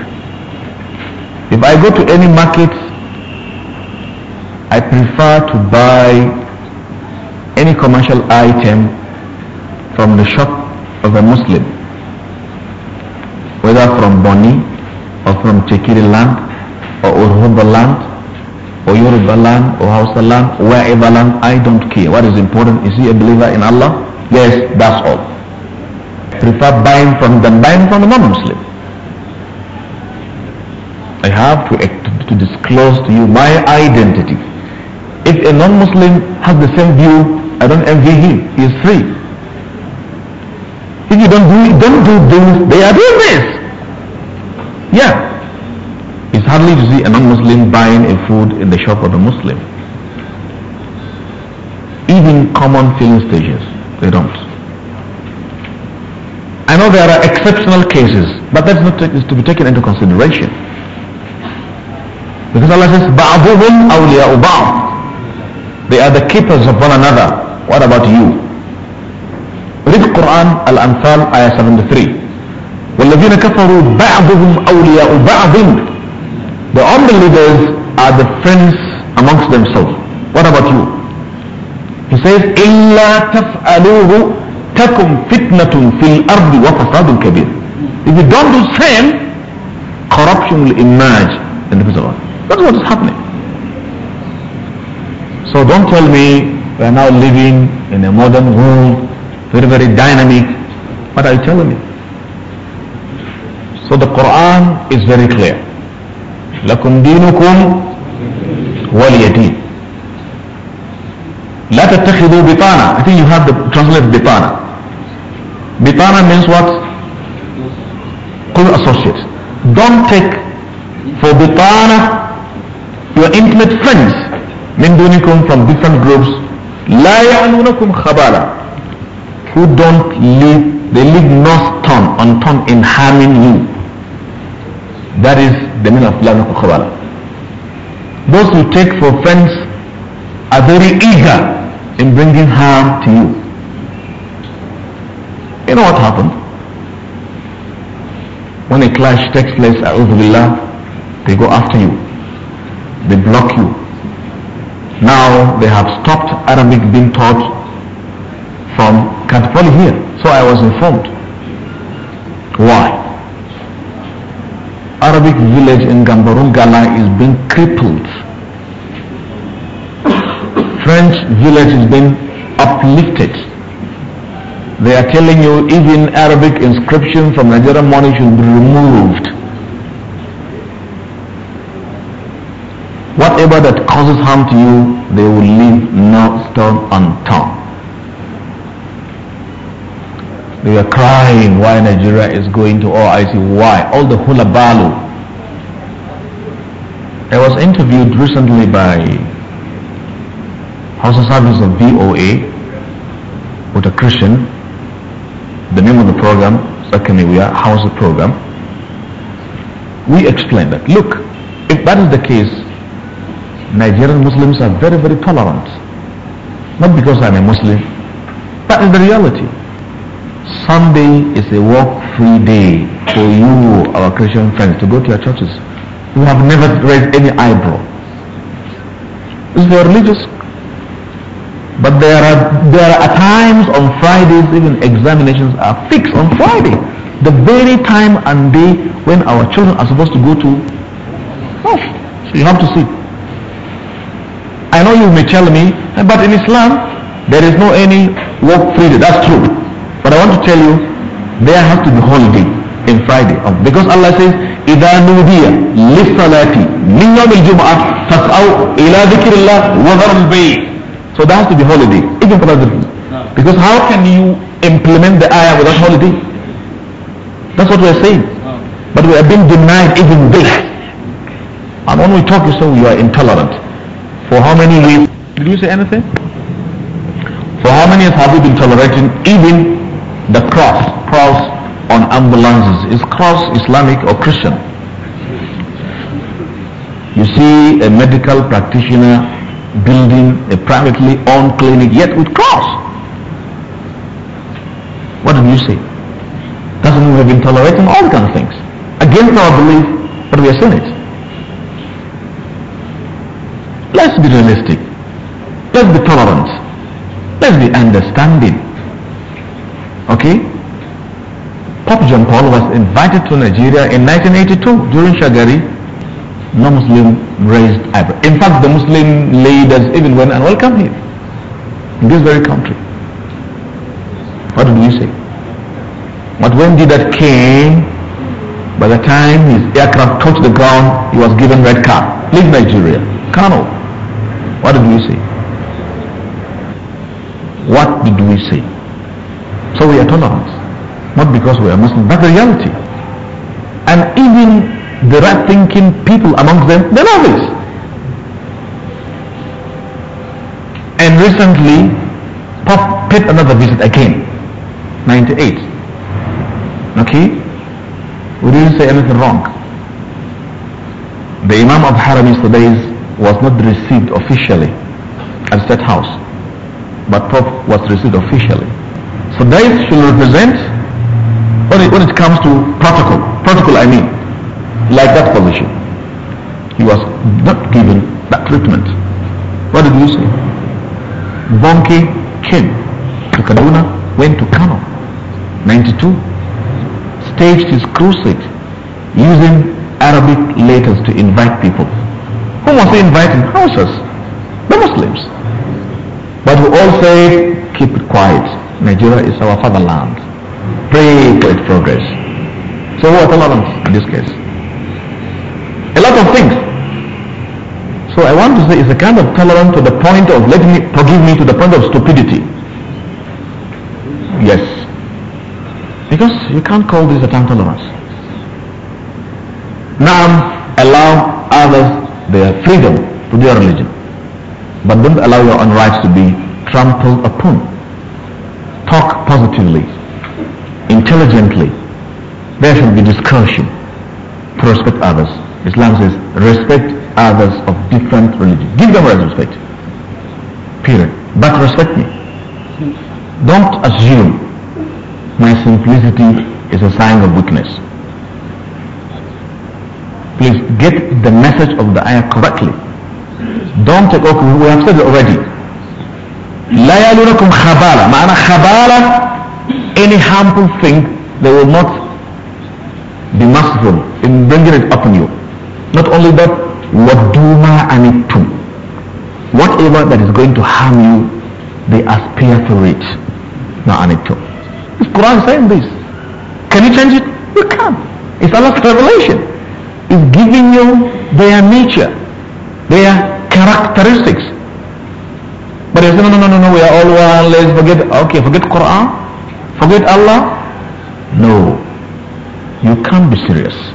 [SPEAKER 1] If I go to any market, I prefer to buy any commercial item from the shop of a Muslim, whether from Boni or from Chekiri land or Urhuba land or Yoruba land or Hausa land, wherever land, I don't care. What is important is he a believer in Allah? Yes, that's all prefer buying from them, buying from the non-Muslim. I have to, to disclose to you my identity. If a non-Muslim has the same view, I don't envy him. He is free. If you don't do don't do this, they are doing this. Yeah. It's hardly to see a non-Muslim buying a food in the shop of a Muslim. Even common filling stations, they don't. I know there are exceptional cases, but that's not to be taken into consideration. Because Allah says, بَعْضُهُمْ أَوْلِيَاءُ بَعْضٍ They are the keepers of one another. What about you? Read Quran, Al-Anfal, Ayah 73. وَالَّذِينَ كَفَرُوا بَعْضُهُمْ أَوْلِيَاءُ بَعْضٍ The unbelievers are the friends amongst themselves. What about you? He says, إِلَّا تَفْعَلُوهُ تكن فتنة في الأرض وفساد كبير if you don't do same corruption will emerge in the physical that's what is happening so don't tell me we are now living in a modern world very very dynamic what are you telling me so the Quran is very clear لكم دينكم وليدين لا تتخذوا بطانة I think you have the translated بطانة Bitana means what? Close associate Don't take for Bitana your intimate friends من دونكم from different groups لا يعنونكم khabala, who don't leave they leave no stone unturned in harming you that is the meaning of لا يعنونكم those who take for friends are very eager in bringing harm to you you know what happened? When a clash takes place, billah, they go after you. They block you. Now they have stopped Arabic being taught from Katpoli here. So I was informed. Why? Arabic village in Gambarungala is being crippled. French village is being uplifted. They are telling you even Arabic inscription from Nigerian money should be removed. Whatever that causes harm to you, they will leave no stone unturned. They are crying why Nigeria is going to OIC. Why? All the hula I was interviewed recently by House of Service of VOA with a Christian the name of the program, we are how's the program? We explain that. Look, if that is the case, Nigerian Muslims are very, very tolerant. Not because I'm a Muslim. That is the reality. Sunday is a work-free day for you, our Christian friends, to go to your churches. You have never raised any eyebrow. Is your religious but there are, there are times on Fridays, even examinations are fixed on Friday. The very time and day when our children are supposed to go to mosque. So you have to see. I know you may tell me, but in Islam, there is no any work Friday. That's true. But I want to tell you, there has to be holiday in Friday. Oh, because Allah says, إِذَا نُودِيَ لِلصَّلَاةِ مِنْ يَوْمِ الْجُمْعَةِ فَاسْأَوْا إِلَى ذِكِرِ اللَّهِ وَذَرُ so that has to be holiday. Even for other Because how can you implement the ayah without holiday? That's what we're saying. But we are being denied even this. And when we talk, you say we are intolerant. For how many years? Did you say anything? For how many years have we been tolerating even the cross? Cross on ambulances. Is cross Islamic or Christian? You see a medical practitioner building a privately owned clinic yet with cross. What do you say? Doesn't mean we've been tolerating all kinds of things. Against our belief, but we are saying it. Let's be realistic. Let's be tolerant. Let's be understanding. Okay? Pope John Paul was invited to Nigeria in 1982 during Shagari non-Muslim raised eyebrow. In fact, the Muslim leaders even went and welcomed him in this very country. What did we say? But when did that came? By the time his aircraft touched the ground, he was given red card. Leave Nigeria. Colonel, what did we say? What did we say? So we are tolerant. Not because we are Muslim, but the reality. And even the right thinking people amongst them, the know And recently, Pope paid another visit again, 98. Okay? We didn't say anything wrong. The Imam of Haram, today was not received officially at State House, but Pope was received officially. So they should represent when it, when it comes to protocol, protocol I mean, like that position. He was not given that treatment. What did you say? Bonke came to Kaduna, went to Kano, 92, staged his crusade using Arabic letters to invite people. Who was he inviting? Houses, the Muslims. But we all say, keep it quiet. Nigeria is our fatherland. Pray for its progress. So what allowance in this case? a lot of things. So I want to say it's a kind of tolerance to the point of letting, me forgive me to the point of stupidity. Yes. Because you can't call this a time tolerance. Now allow others their freedom to their religion. But don't allow your own rights to be trampled upon. Talk positively, intelligently. There should be discussion to respect others. Islam says respect others of different religion. Give them respect. Period. But respect me. Don't assume my simplicity is a sign of weakness. Please get the message of the ayah correctly. Don't take off, we have said it already. لا يلونكم خبالة معنى خبالة any harmful thing they will not be merciful in bringing it upon you not only that, وَدُّمَا أَنِتُّمْ Whatever that is going to harm you, they aspire for it. Not أَنِتُّمْ Is Quran saying this? Can you change it? You can't. It's Allah's revelation. It's giving you their nature, their characteristics. But you say, no, no, no, no, no, we are all one, let's forget, okay, forget Quran, forget Allah. No, you can't be serious.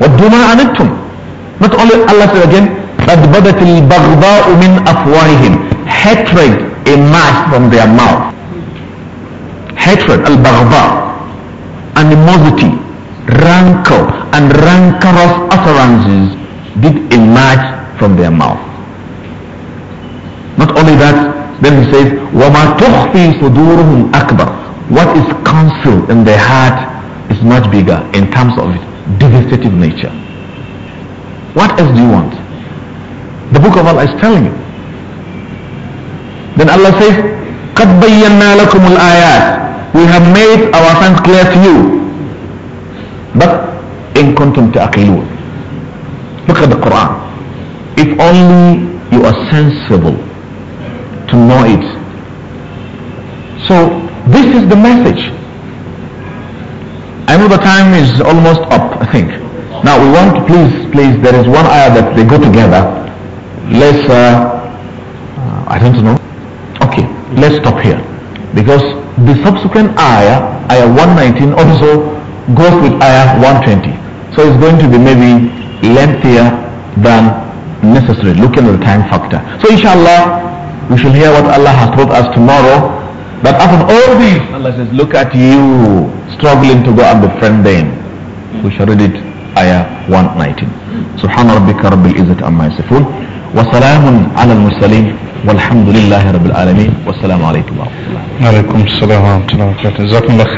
[SPEAKER 1] وَدُّمَا عَنِتُّمْ Not only Allah said again, قَدْ بَدَتِ الْبَغْضَاءُ مِنْ أَفْوَاهِهِمْ Hatred emerged from their mouth. Hatred, al animosity, rancor, and rancorous utterances did emerge from their mouth. Not only that, then he says, وَمَا تُخْفِي صُدُورُهُمْ أَكْبَرُ What is concealed in their heart is much bigger in terms of Devastative nature. What else do you want? The book of Allah is telling you. Then Allah says, قَدْ بَيَّنَّا لَكُمُ الْآيَاتِ We have made our signs clear to you. But in kuntum ta'qilun. Look at the Quran. If only you are sensible to know it. So this is the message. I know the time is almost up, I think. Now we want to please, please, there is one ayah that they go together. Let's, uh, uh I don't know. Okay, let's stop here. Because the subsequent ayah, ayah 119 also goes with ayah 120. So it's going to be maybe lengthier than necessary, looking at the time factor. So inshallah, we shall hear what Allah has told us tomorrow. But after all this, Allah says, look at you struggling to go and befriend them. We shall read it ayah 119. سبحان ربك رب العزة عما يصفون وسلام على المرسلين والحمد لله رب العالمين والسلام عليكم ورحمة
[SPEAKER 4] الله. وعليكم السلام ورحمة الله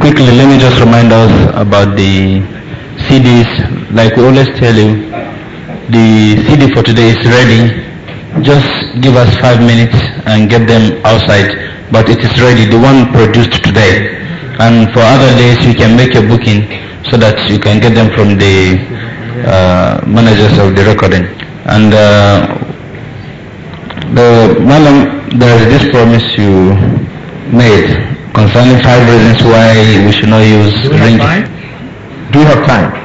[SPEAKER 4] Quickly, let me just remind us about the CDs. Like we always tell you, the CD for today is ready just give us five minutes and get them outside. But it is ready, the one produced today. And for other days, you can make a booking so that you can get them from the uh, managers of the recording. And uh, the madam, there is this promise you made concerning five reasons why we should not use Do ring. Do you have time?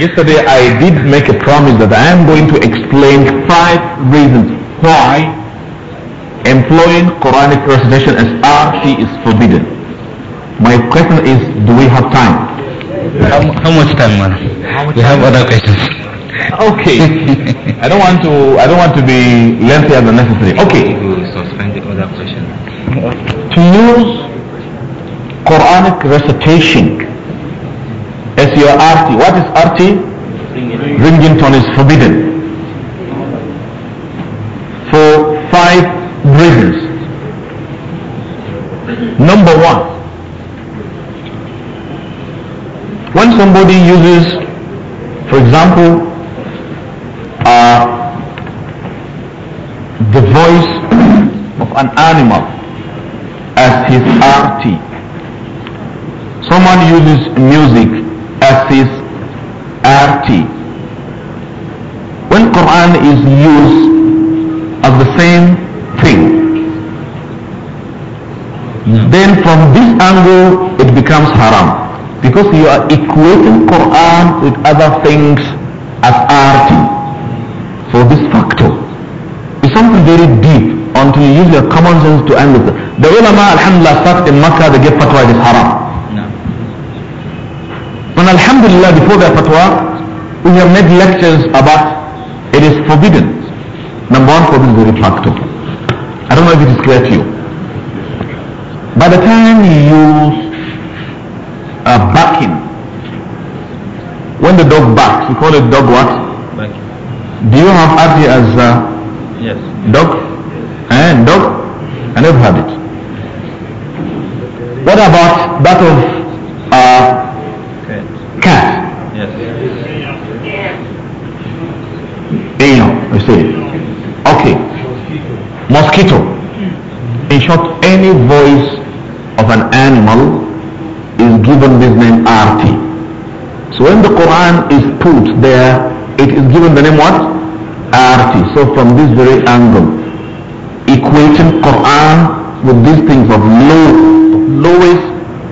[SPEAKER 1] Yesterday I did make a promise that I am going to explain five reasons why employing Quranic recitation as RC is forbidden. My question is, do we have time?
[SPEAKER 4] How, how much time, man?
[SPEAKER 1] Much we time? have other questions. Okay. I don't want to. I don't want to be lengthier than necessary. Okay. We suspend the other question.
[SPEAKER 3] To use
[SPEAKER 1] Quranic recitation your RT. What is RT? Ringing arty? is forbidden. For five reasons. Number one, when somebody uses, for example, uh, the voice of an animal as his RT. someone uses music verses RT. When Quran is used as the same thing, then from this angle it becomes haram because you are equating Quran with other things as RT. So this factor is something very deep until you use your common sense to understand. The ulama, alhamdulillah, sat in Makkah, they gave fatwa, it is haram. And Alhamdulillah, before the fatwa, we have made lectures about it is forbidden. Number one forbidden is practical. I don't know if it is clear to you. By the time you are barking, when the dog barks, we call it dog what? Barking. Do you have Abdi as a yes. dog? Yes. And eh, dog? I never had it. What about that
[SPEAKER 2] of uh,
[SPEAKER 1] you say. Okay. Mosquito. In short, any voice of an animal is given this name RT. So when the Quran is put there, it is given the name what? RT. So from this very angle, equating Quran with these things of low, lowest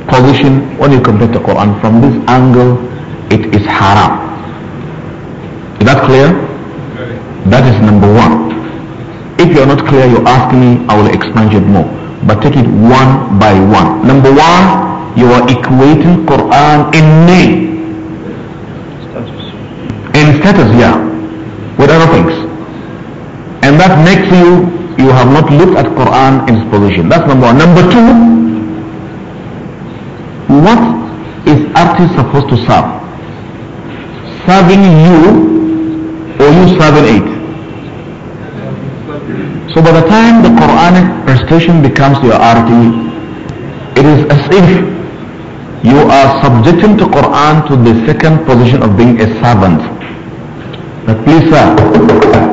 [SPEAKER 1] position when you compare the Quran from this angle, it is haram. Is that clear? That is number one. If you're not clear, you ask me, I will explain it more. But take it one by one. Number one, you are equating Quran in name. In status, yeah. With other things. And that makes you, you have not looked at Quran in its position. That's number one. Number two, what is artist supposed to serve? Serving you or you serving it? So by the time the Quranic recitation becomes your RT, it is as if you are subjecting the Quran to the second position of being a servant. But please sir,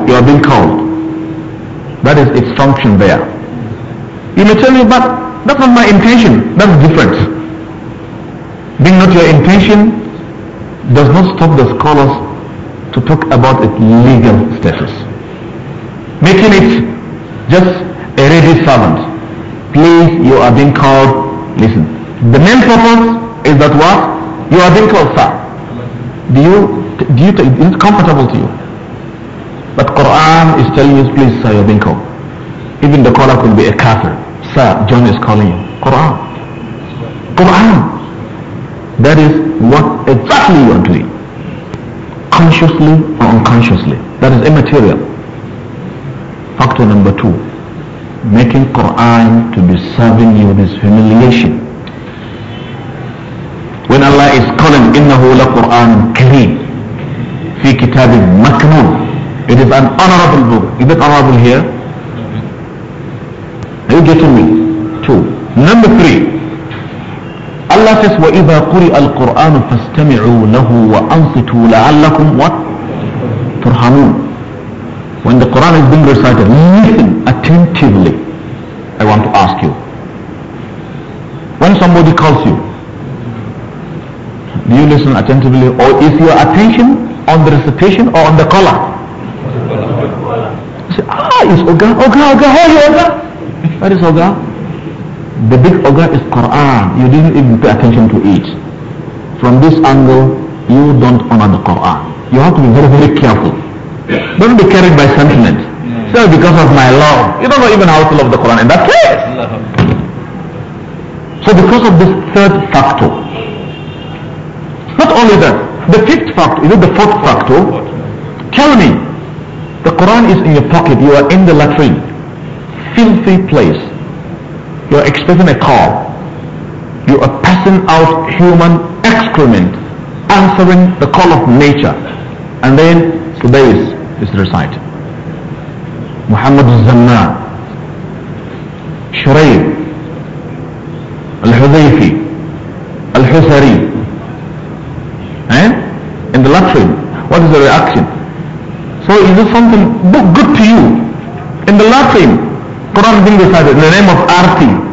[SPEAKER 1] you are being called. That is its function there. You may tell me, but that's not my intention. That's different. Being not your intention does not stop the scholars to talk about its legal status. Making it just a ready servant. Please, you are being called. Listen. The main purpose is that what? You are being called sir. Do you, do you, is it comfortable to you? But Quran is telling you, please sir, you're being called. Even the caller could be a kafir. Sir, John is calling you. Quran. Quran. That is what exactly you are doing. Consciously or unconsciously. That is immaterial. Factor number two, making Quran to be serving you this humiliation. When Allah is calling, إِنَّهُ لَقُرْآنٌ كَرِيمٌ فِي كِتَابٍ مَكْنُونٍ It is an honorable book. Is it honorable here? Are you getting me? Two. Number three, Allah says, وَإِذَا قُرِئَ الْقُرْآنُ فَاسْتَمِعُوا لَهُ وَأَنصِتُوا لَعَلَّكُمْ what? تُرْحَمُونَ When the Quran is being recited, listen attentively. I want to ask you. When somebody calls you, do you listen attentively or is your attention on the recitation or on the caller? Say, ah, it's Oga, Oga, Oga, how you Oga? That is Oga. The big Oga is Quran. You didn't even pay attention to it. From this angle, you don't honor the Quran. You have to be very, very careful. Don't be carried by sentiment. So because of my love, you don't know even how to love the Quran in that case. So because of this third factor, not only that, the fifth factor, is it the fourth factor? Tell me, the Quran is in your pocket, you are in the latrine, filthy place, you are expecting a call, you are passing out human excrement, answering the call of nature, and then today is is recited. Muhammad al-Zamma, Shurayb, Al-Hudayfi, Al-Husari. Eh? In the latrine, what is the reaction? So is this something good to you? In the latrine, Quran being recited in the name of Arti,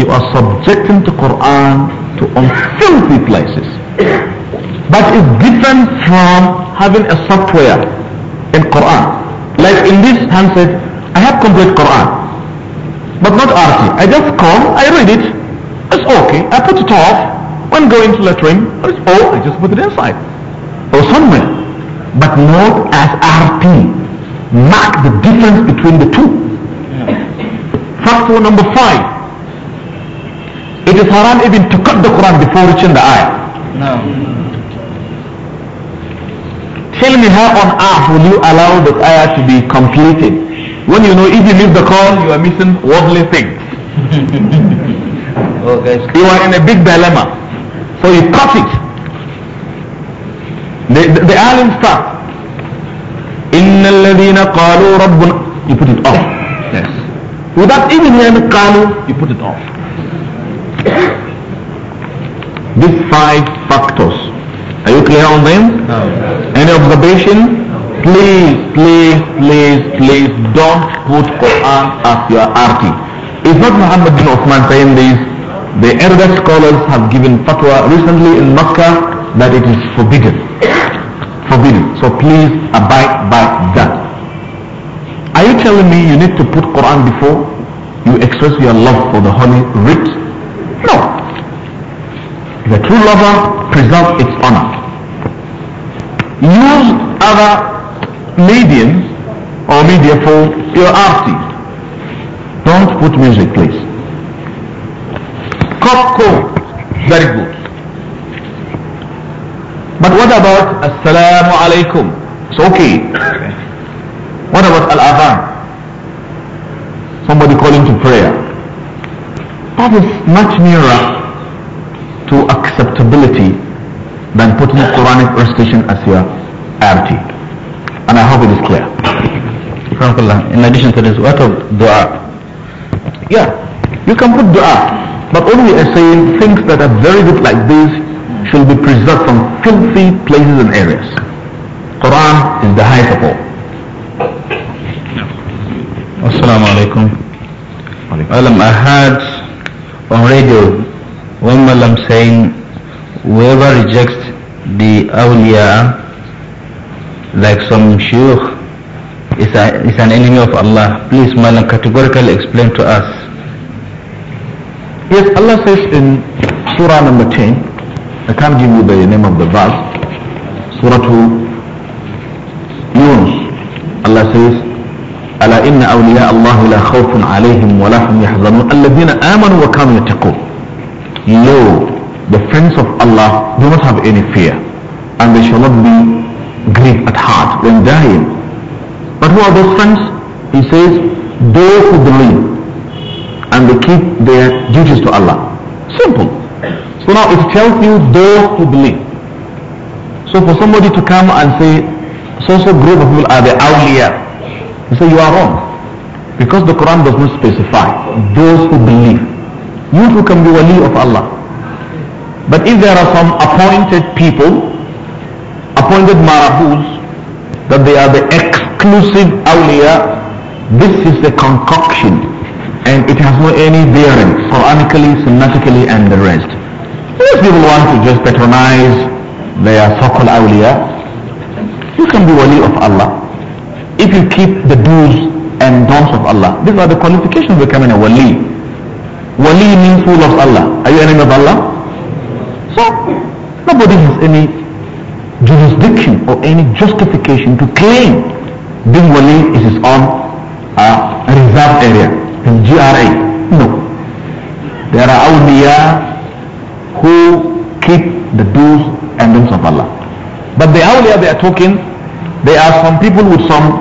[SPEAKER 1] You are subjecting the Quran to unfilthy places. But it's different from having a software in Quran. Like in this handset, I have complete Quran, but not RT. I just come, I read it, it's okay. I put it off. When going to lettering, it's all. I just put it inside or somewhere, but not as RT. Mark the difference between the two. Factor number five. It is haram even to cut the Quran before reaching the eye. No. Tell me how on earth will you allow the ayah to be completed? When you know if you miss the call, you are missing worldly things. okay. Oh, you are in a big dilemma. So you cut it. The, the, the island start. إن الذين قالوا ربنا you put it off. Yes. Without even hearing قالوا you put it off. These five factors. Are you clear on them? No. Any observation? Please, please, please, please don't put Quran as your arti. It's not Muhammad bin Uthman saying this. The Arabic scholars have given fatwa recently in Makkah that it is forbidden. Forbidden. So please abide by that. Are you telling me you need to put Quran before you express your love for the Holy Writ? No. The true lover preserves its honor
[SPEAKER 3] use other
[SPEAKER 1] mediums or media for your artists. Don't put music, please.
[SPEAKER 3] Cop code,
[SPEAKER 1] very good. But what about Assalamu alaikum? It's okay. What about Al Adhan? Somebody calling to prayer. That is much nearer to acceptability than
[SPEAKER 4] putting Quranic recitation as your RT. And I hope it is clear. In addition to this, what of dua? Yeah, you can put dua, but only as saying things that are very good like this should be preserved from
[SPEAKER 1] filthy places and areas. Quran is the highest of all.
[SPEAKER 4] Assalamu alaikum. Alam, I heard on radio one Malam saying whoever rejects the awliya like some shaykh is, a, is an enemy of Allah. Please, Malam, categorically explain to us. Yes, Allah says in Surah number 10, I can't give you the name of the
[SPEAKER 1] verse, Surah 2, Yunus, Allah says, ألا إن أولياء الله لا خوف عليهم ولا هم يحزنون الذين آمنوا وكانوا يتقون. Lo, the friends of Allah do not have any fear and they shall not be grieved at heart when dying. But who are those friends? He says, those who believe and they keep their duties to Allah. Simple. So now it tells you those who believe. So for somebody to come and say, so so group of people are the awliya, you say you are wrong. Because the Quran does not specify those who believe. You too can be wali of Allah. But if there are some appointed people, appointed marahus, that they are the exclusive awliya, this is the concoction and it has no any bearing, Quranically, Sunnatically and the rest. These people want to just patronize their so-called awliya, you can be wali of Allah. If you keep the do's and don'ts of Allah. These are the qualifications of becoming a wali. Wali means fool of Allah. Are you enemy of Allah? So nobody has any jurisdiction or any justification to claim this wali is his own uh, reserve area in GRA. No. There are awliya who keep the do's and don'ts of Allah. But the awliya they are talking, they are some people with some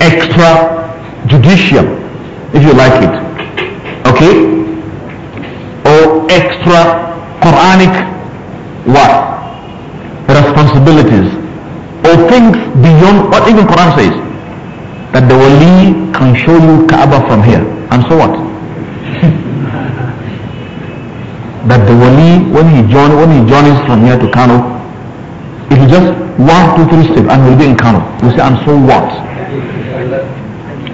[SPEAKER 1] extra judicial, if you like it. Okay? Or extra Quranic what? Responsibilities or things beyond what even Quran says. That the wali can show you Kaaba from here. And so what? that the wali, when he joins when he journeys from here to Kano, if he just one, two, three steps and will be in Kano, You say, and so what?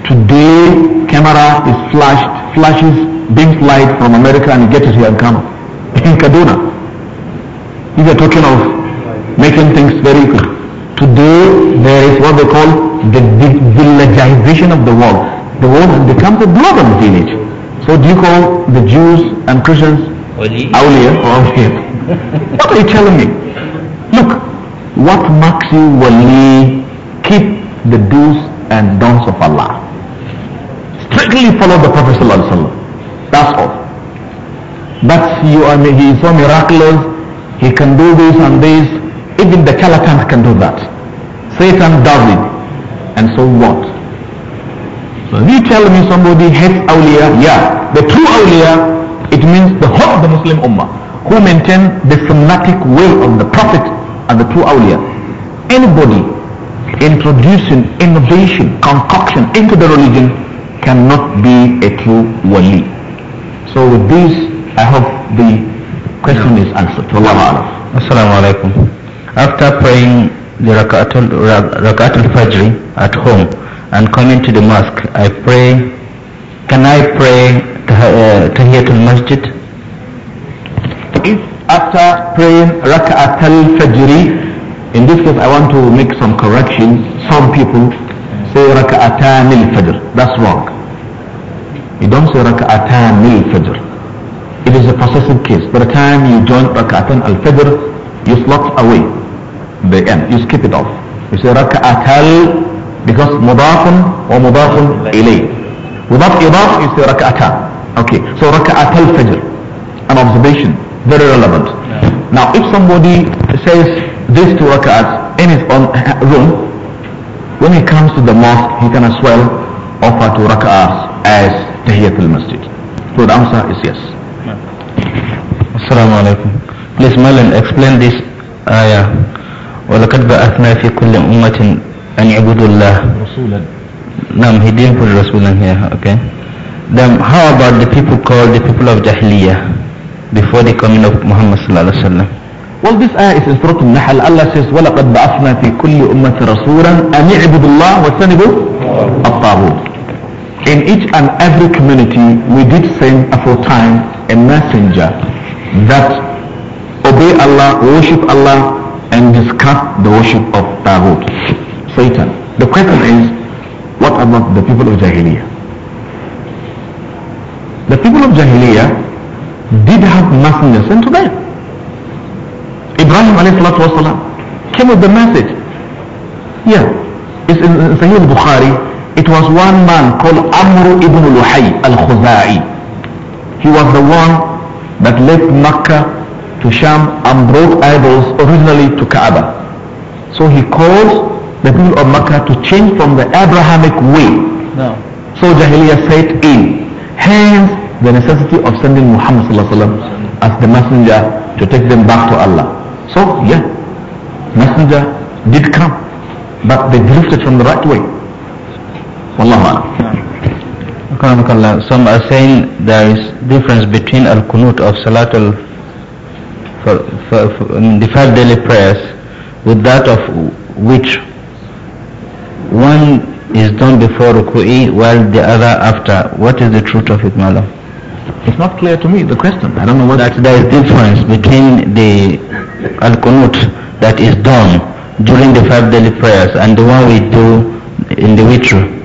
[SPEAKER 1] Today, camera is flashed, flashes, beams light from America and he gets it here in Kano, in Kaduna. You are talking of making things very good. Today there is what they call the villagization of the world. The world has become the global village. So do you call the Jews and Christians awliya or
[SPEAKER 3] awliya?
[SPEAKER 1] what are you telling me? Look, what makes you wali? Keep the do's and don'ts of Allah. Strictly follow the Prophet ﷺ. That's all. But you are, he is so miraculous he can do this and this. Even the charlatan can do that. Satan does it. And so what? So you tell me somebody hates awliya, yeah. The true awliya, it means the whole of the Muslim ummah who maintain the fanatic way of the Prophet and the true awliya. Anybody introducing innovation, concoction into the religion cannot be a true wali. So with
[SPEAKER 4] this, I hope the Question is answered. Wallahu Assalamu alaikum. After praying the Rakatul, Fajr at home and coming to the mosque, I pray, can I pray uh, Tahiyatul uh, Masjid? If after praying Rakatul Fajr,
[SPEAKER 1] in this case I want to make some corrections. Some people say Raka'atan al-Fajr. That's wrong. You don't say Raka'atan al-Fajr. It is a possessive case. By the time you join Raka'atan al-Fajr, you slot away the end. You skip it off. You say Raka'at al because mudafun or mudafun ilay. Without idaf, you say Raka'ata. Okay, so Raka'at al-Fajr. An observation. Very relevant. Yeah. Now, if somebody says this to Raka'ats in his own room, when he comes to the mosque, he can as well offer to Raka'ats as Tahiyatul Masjid. So the answer is yes.
[SPEAKER 4] السلام عليكم Please Malin explain this ayah ولقد بعثنا في كل أمة أن يعبدوا الله رسولا نعم he didn't put رسولا here okay then how about the people called the people of Jahiliyyah before the coming of Muhammad صلى الله عليه وسلم Well, this ayah is in Surah
[SPEAKER 1] Al-Nahl. Allah says, وَلَقَدْ بَعَثْنَا فِي كُلِّ أُمَّةٍ رَسُولًا أَنِ اعْبُدُوا اللَّهَ وَاجْتَنِبُوا الطَّاغُوتَ In each and every community, we did send aforetime a messenger that obey Allah, worship Allah, and discard the worship of Tawud, Satan. The question is, what about the people of Jahiliyyah? The people of Jahiliyyah did have messengers sent to them. Ibrahim والسلام, came with the message. Yeah, it's in Sahih Bukhari. It was one man called Amr ibn Luhay al-Khuzai. He was the one that left Mecca to Sham and brought idols originally to Kaaba. So he calls the people of Mecca to change from the Abrahamic way. No. So Jahiliyyah set in. Hence the necessity of sending Muhammad as the messenger to take them back to Allah. So yeah,
[SPEAKER 4] messenger did come, but they drifted from the right way. Wallahu some are saying there is difference between al-kunut of Salatul for, for, for, um, the five daily prayers with that of which one is done before ruku'i while the other after. What is the truth of it, Mala? It's not clear to me, the question. I don't know what... That there is difference between the al-kunut that is done during the five daily prayers and the one we do in the witr.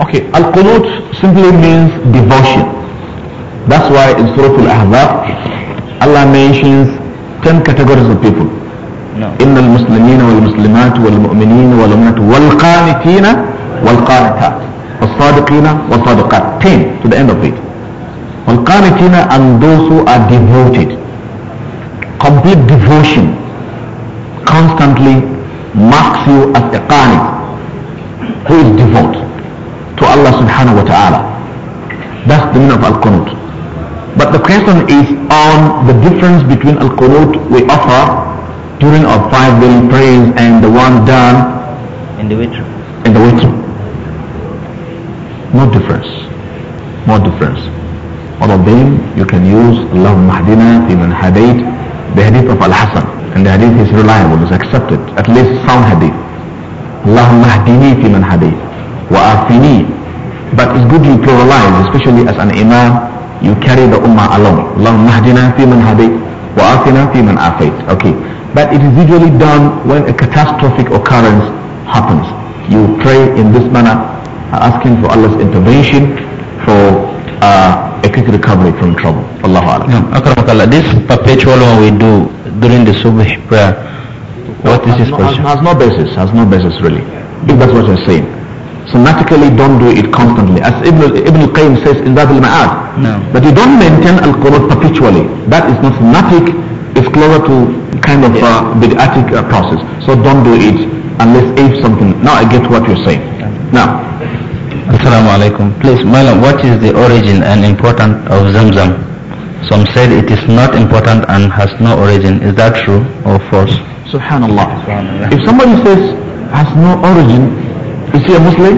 [SPEAKER 4] Okay, Al-Qunut simply means devotion. That's why
[SPEAKER 1] in Surah Al-Ahzab, Allah mentions 10 categories of people. No. إن المسلمين والمسلمات والمؤمنين والمؤمنات والقانتين والقانتات والصادقين والصادقات 10 to the end of it. والقانتين and those who are devoted. Complete devotion constantly marks you as a qanit who is devout to Allah subhanahu wa ta'ala. That's the meaning of Al-Qunut. But the question is on the difference between Al-Qunut we offer during our five daily prayers and the one done in the witr. In the witr. No difference. No difference. All of them you can use Allahumma mahdina fi man hadayt. The hadith of Al-Hasan and the hadith is reliable, is accepted, at least sound hadith. Allahumma hadini fi man وآفني But it's good you pluralize, especially as an imam, you carry the ummah along. اللهم اهدنا فيمن هديت وآفنا فيمن عافيت. Okay. But it is usually done when a catastrophic occurrence happens. You pray in this manner, asking for Allah's intervention for uh, a quick recovery from trouble.
[SPEAKER 4] Allahu Akbar. This perpetual one we do during the subh prayer, What is this is no, has no basis, has no basis really. If that's what you're saying.
[SPEAKER 1] Somatically don't do it constantly. As Ibn, Ibn qayyim says in Zadul Ma'ad, no. that you don't maintain al-qunut perpetually. That is not somatic. It's closer to kind of uh, yes. uh, bid'atic
[SPEAKER 4] uh, process. So don't do it unless if something. Now I get what you're saying. Now. Assalamu alaikum. Please, Malam, what is the origin and importance of Zamzam? Some said it is not important and has no origin. Is that true or false? Subhanallah. Subhanallah.
[SPEAKER 1] If somebody says has no origin, is he a Muslim?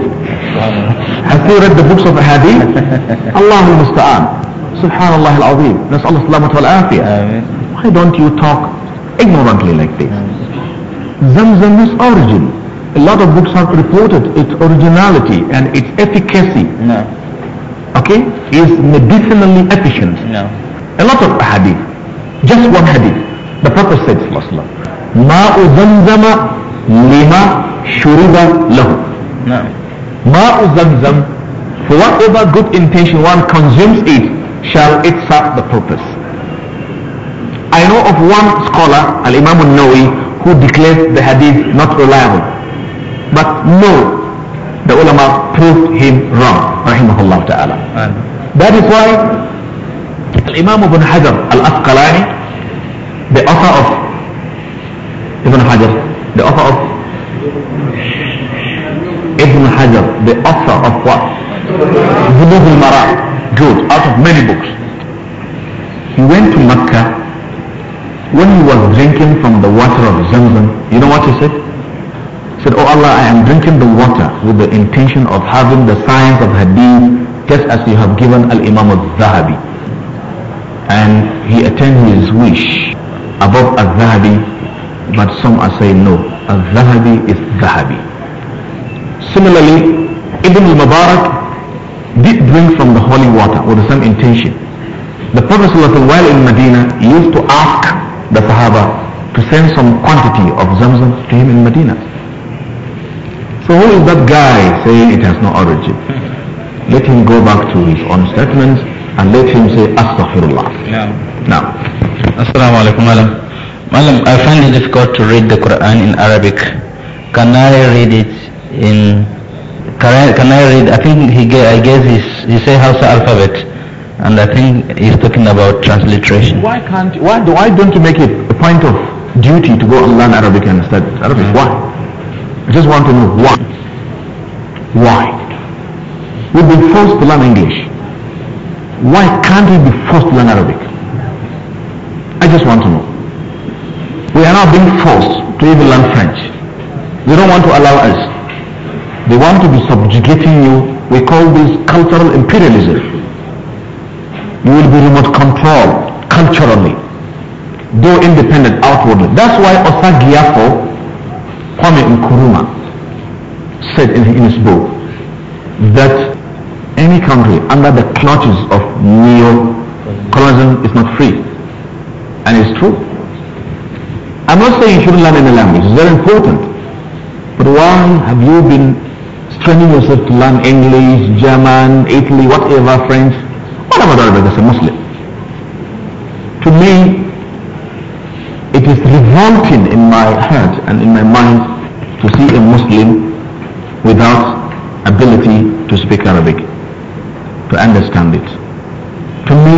[SPEAKER 1] Has he read the books of the Hadith? Allahul Musta'an. Subhanallah al-Azim. Nas Allah salamat wal Why don't you talk ignorantly like this? Zamzam is origin. A lot of books have reported its originality and its efficacy. No. Okay? Is medicinally efficient. No. A lot of hadith. Just one hadith. The Prophet said, Ma'u zamzama lima shuriba lahu. نعم ماء for whatever good intention one consumes it shall it serve the purpose I know of one scholar Al-Imam al-Nawi who declared the hadith not reliable but no the ulama proved him wrong rahimahullah ta'ala that is why Al-Imam Ibn Hajar Al-Asqalani the author of Ibn Hajar the author of Ibn Hajar, the author of what? Bulugh al-Mara, good, out of many books. He went to Mecca when he was drinking from the water of Zamzam. You know what he said? He said, Oh Allah, I am drinking the water with the intention of having the science of Hadith just as you have given Al-Imam al-Zahabi. And he attained his wish above al-Zahabi, but some are saying no, al-Zahabi is Zahabi.
[SPEAKER 2] Similarly,
[SPEAKER 1] Ibn al-Mubarak did drink from the holy water with some intention. The Prophet while in Medina used to ask the Sahaba to send some quantity of Zamzam to him in Medina. So who is that guy saying it has no origin? Let him go back to his own statements and let him say Astaghfirullah.
[SPEAKER 3] Yeah.
[SPEAKER 4] Now. Assalamu alaikum madam. Madam, I find it difficult to read the Quran in Arabic. Can I read it in can I, can I read? I think he gave, I guess he say the alphabet, and I think he's talking about transliteration. Why can't? Why do? Why don't you make it a point of duty to go and learn
[SPEAKER 1] Arabic and study Arabic? Mm. Why? I just want to know why. Why? We've been forced to learn English. Why can't we be forced to learn Arabic? I just want to know. We are now being forced to even learn French. They don't want to allow us they want to be subjugating you. We call this cultural imperialism. You will be remote controlled culturally, though independent outwardly. That's why Osagyafo Kwame Nkrumah said in, in his book that any country under the clutches of neo-colonialism is not free. And it's true. I'm not saying you shouldn't learn any language. It's very important. But why have you been training yourself to learn English, German, Italy, whatever, French, whatever, whatever, as a Muslim. To me, it is revolting in my heart and in my mind to see a Muslim without ability to speak Arabic, to understand it. To me,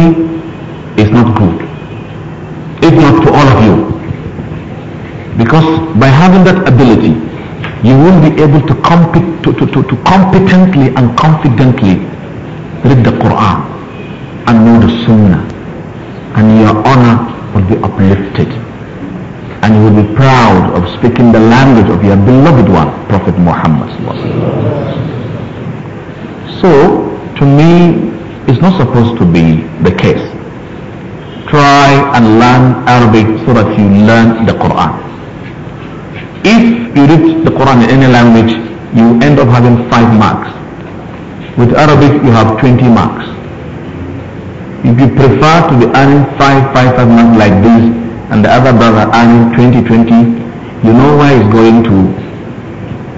[SPEAKER 1] it's not good. If not to all of you. Because by having that ability, you won't be able to, comp- to, to, to, to competently and confidently read the Quran and know the Sunnah and your honor will be uplifted and you will be proud of speaking the language of your beloved one Prophet Muhammad so to me it's not supposed to be the case try and learn Arabic so that you learn the Quran if you read the Quran in any language, you end up having five marks. With Arabic, you have 20 marks. If you prefer to be earning five, five, five marks like this, and the other brother earning 20, 20, you know where he's going to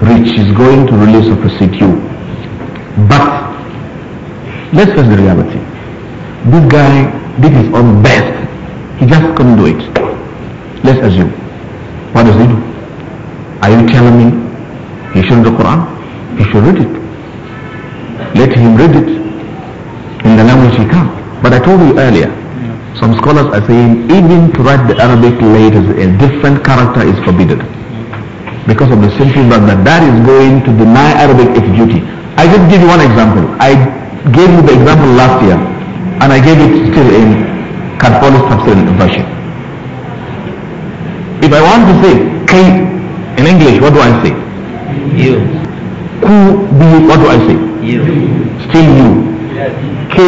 [SPEAKER 1] reach. He's going to release of a CTU. But let's face the reality. This guy did his own best. He just couldn't do it. Let's assume. What does he do? Are you telling me he should read the Quran? He should read it. Let him read it in the language he can. But I told you earlier, some scholars are saying even to write the Arabic letters in different character is forbidden. Because of the simple fact that that is going to deny Arabic its beauty. I just give you one example. I gave you the example last year and I gave it still in Carpolis version. If I want to say, in English, what do I say? You. Ku bi, what do I
[SPEAKER 4] say? You. Still you. K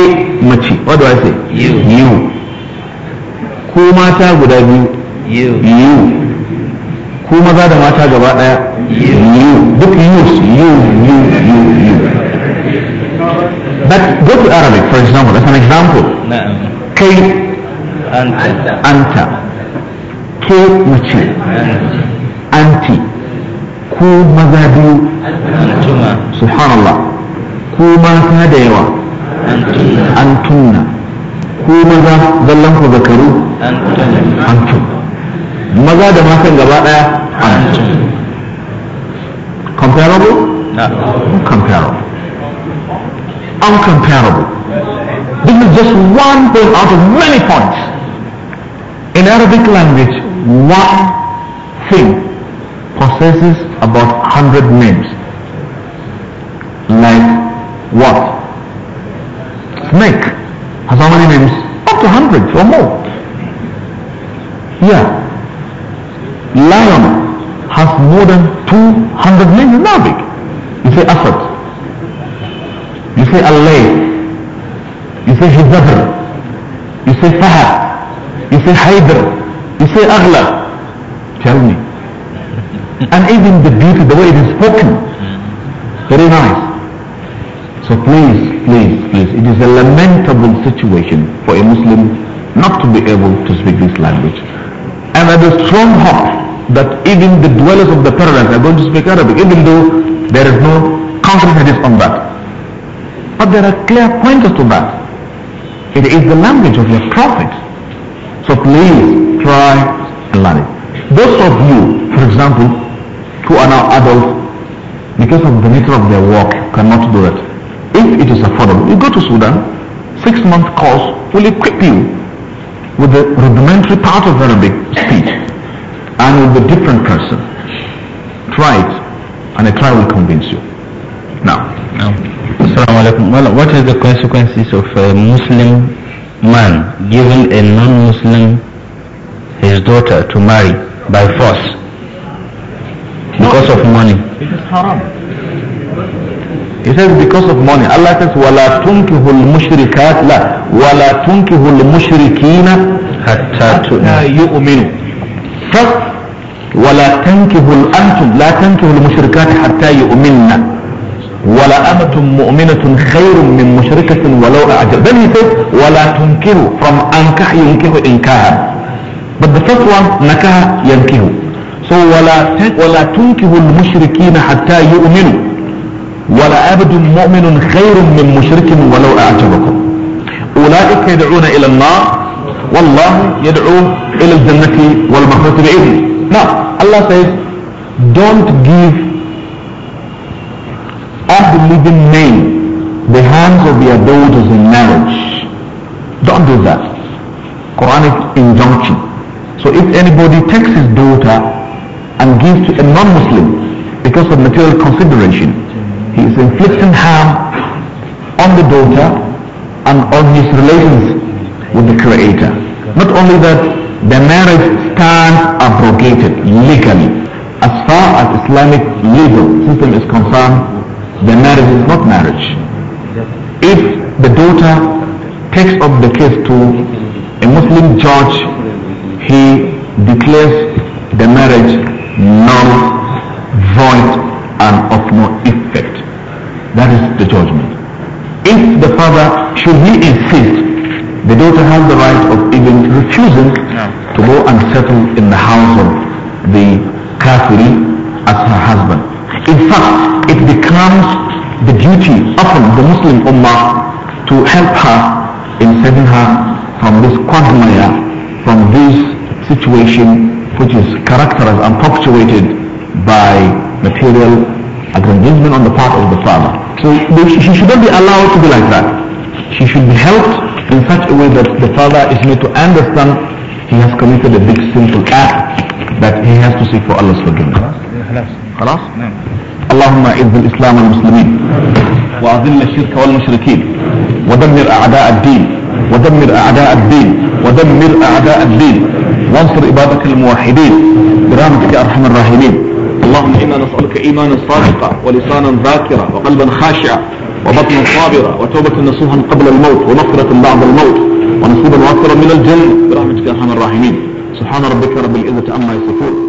[SPEAKER 4] machi, what do I say? You. You. Ku mata guda biyu. You. You. Ku maza da mata gaba ɗaya. You. You. Duk you, you, you, you. But go to Arabic, for example, as an example. No. K Anta. Anta. K machi. Anta. anti ko maza biyu subhanallah ko mata da yawa antunna ko maza zallan ku zakaru antum maza da matan gaba daya antum comparable comparable
[SPEAKER 3] uncomparable this is just one point out of
[SPEAKER 1] many points in arabic language one thing possesses about 100 names. Like what? Snake has how many names? Up to 100 or more. Yeah. Lion has more than 200 names in Arabic. You say Asad. You say Allah. You say Hizabr. You say Fahad. You say Haider. You say Aghla. Tell me. And even the beauty, the way it is spoken. Very nice. So please, please, please, it is a lamentable situation for a Muslim not to be able to speak this language. And I have a strong hope that even the dwellers of the paradise are going to speak Arabic, even though there is no counter on that. But there are clear pointers to that. It is the language of your prophet. So please try and learn it. Those of you, for example, who are now adults, because of the nature of their work, cannot do that. If it is affordable, you go to Sudan, six-month course will equip you with the rudimentary part of Arabic speech and with a different
[SPEAKER 4] person. Try it, and a try will convince you. Now. now. Well, what are the consequences of a Muslim man giving a non-Muslim his daughter to marry by force? because of money. He says
[SPEAKER 1] because of money. Allah says, وَلَا تُنْكِهُ الْمُشْرِكَاتِ لَا وَلَا تُنْكِهُ الْمُشْرِكِينَ حَتَّى يُؤْمِنُوا First, وَلَا تَنْكِهُ الْأَنْتُمْ لَا تَنْكِهُ الْمُشْرِكَاتِ حَتَّى يُؤْمِنَّ ولا أمة مؤمنة خير من مشركة ولو أعجب then he says ولا تنكه from أنكح ينكه إنكاها but the first one نكه ينكه فولا ولا تنكه المشركين حتى يؤمنوا ولا عبد مؤمن خير من مشرك ولو اعجبكم اولئك يدعون الى النار والله يدعو الى الجنة والمغفرة بإذنه نعم الله says don't give of living men the hands of your daughters in marriage don't do that Quranic injunction so if anybody takes his daughter and gives to a non-Muslim because of material consideration. He is inflicting harm on the daughter and on his relations with the Creator. Not only that, the marriage stands abrogated legally. As far as Islamic legal system is concerned, the marriage is not marriage. If the daughter takes up the case to a Muslim judge, he declares the marriage null, void, and of no effect. That is the judgment. If the father, should he insist, the daughter has the right of even refusing no. to go and settle in the house of the kafiri as her husband. In fact, it becomes the duty often the Muslim Ummah to help her in saving her from this quagmire, from this situation which is characterized and punctuated by material aggrandizement on the part of the father. So she should not be allowed to be like that. She should be helped in such a way that the father is made to understand he has committed a big sinful act that he has to seek for Allah's forgiveness. خلاص؟ اللهم اعز الاسلام والمسلمين واذل الشرك والمشركين ودمر اعداء الدين ودمر اعداء الدين ودمر اعداء الدين وانصر عبادك الموحدين برحمتك يا ارحم الراحمين اللهم انا نسالك ايمانا صادقا ولسانا ذاكرا وقلبا خاشعا وبطنا صابرا وتوبه نصوحا قبل الموت ومغفره بعد الموت ونصيبا وافرا
[SPEAKER 3] من الجنه برحمتك يا ارحم الراحمين سبحان ربك رب العزه عما يصفون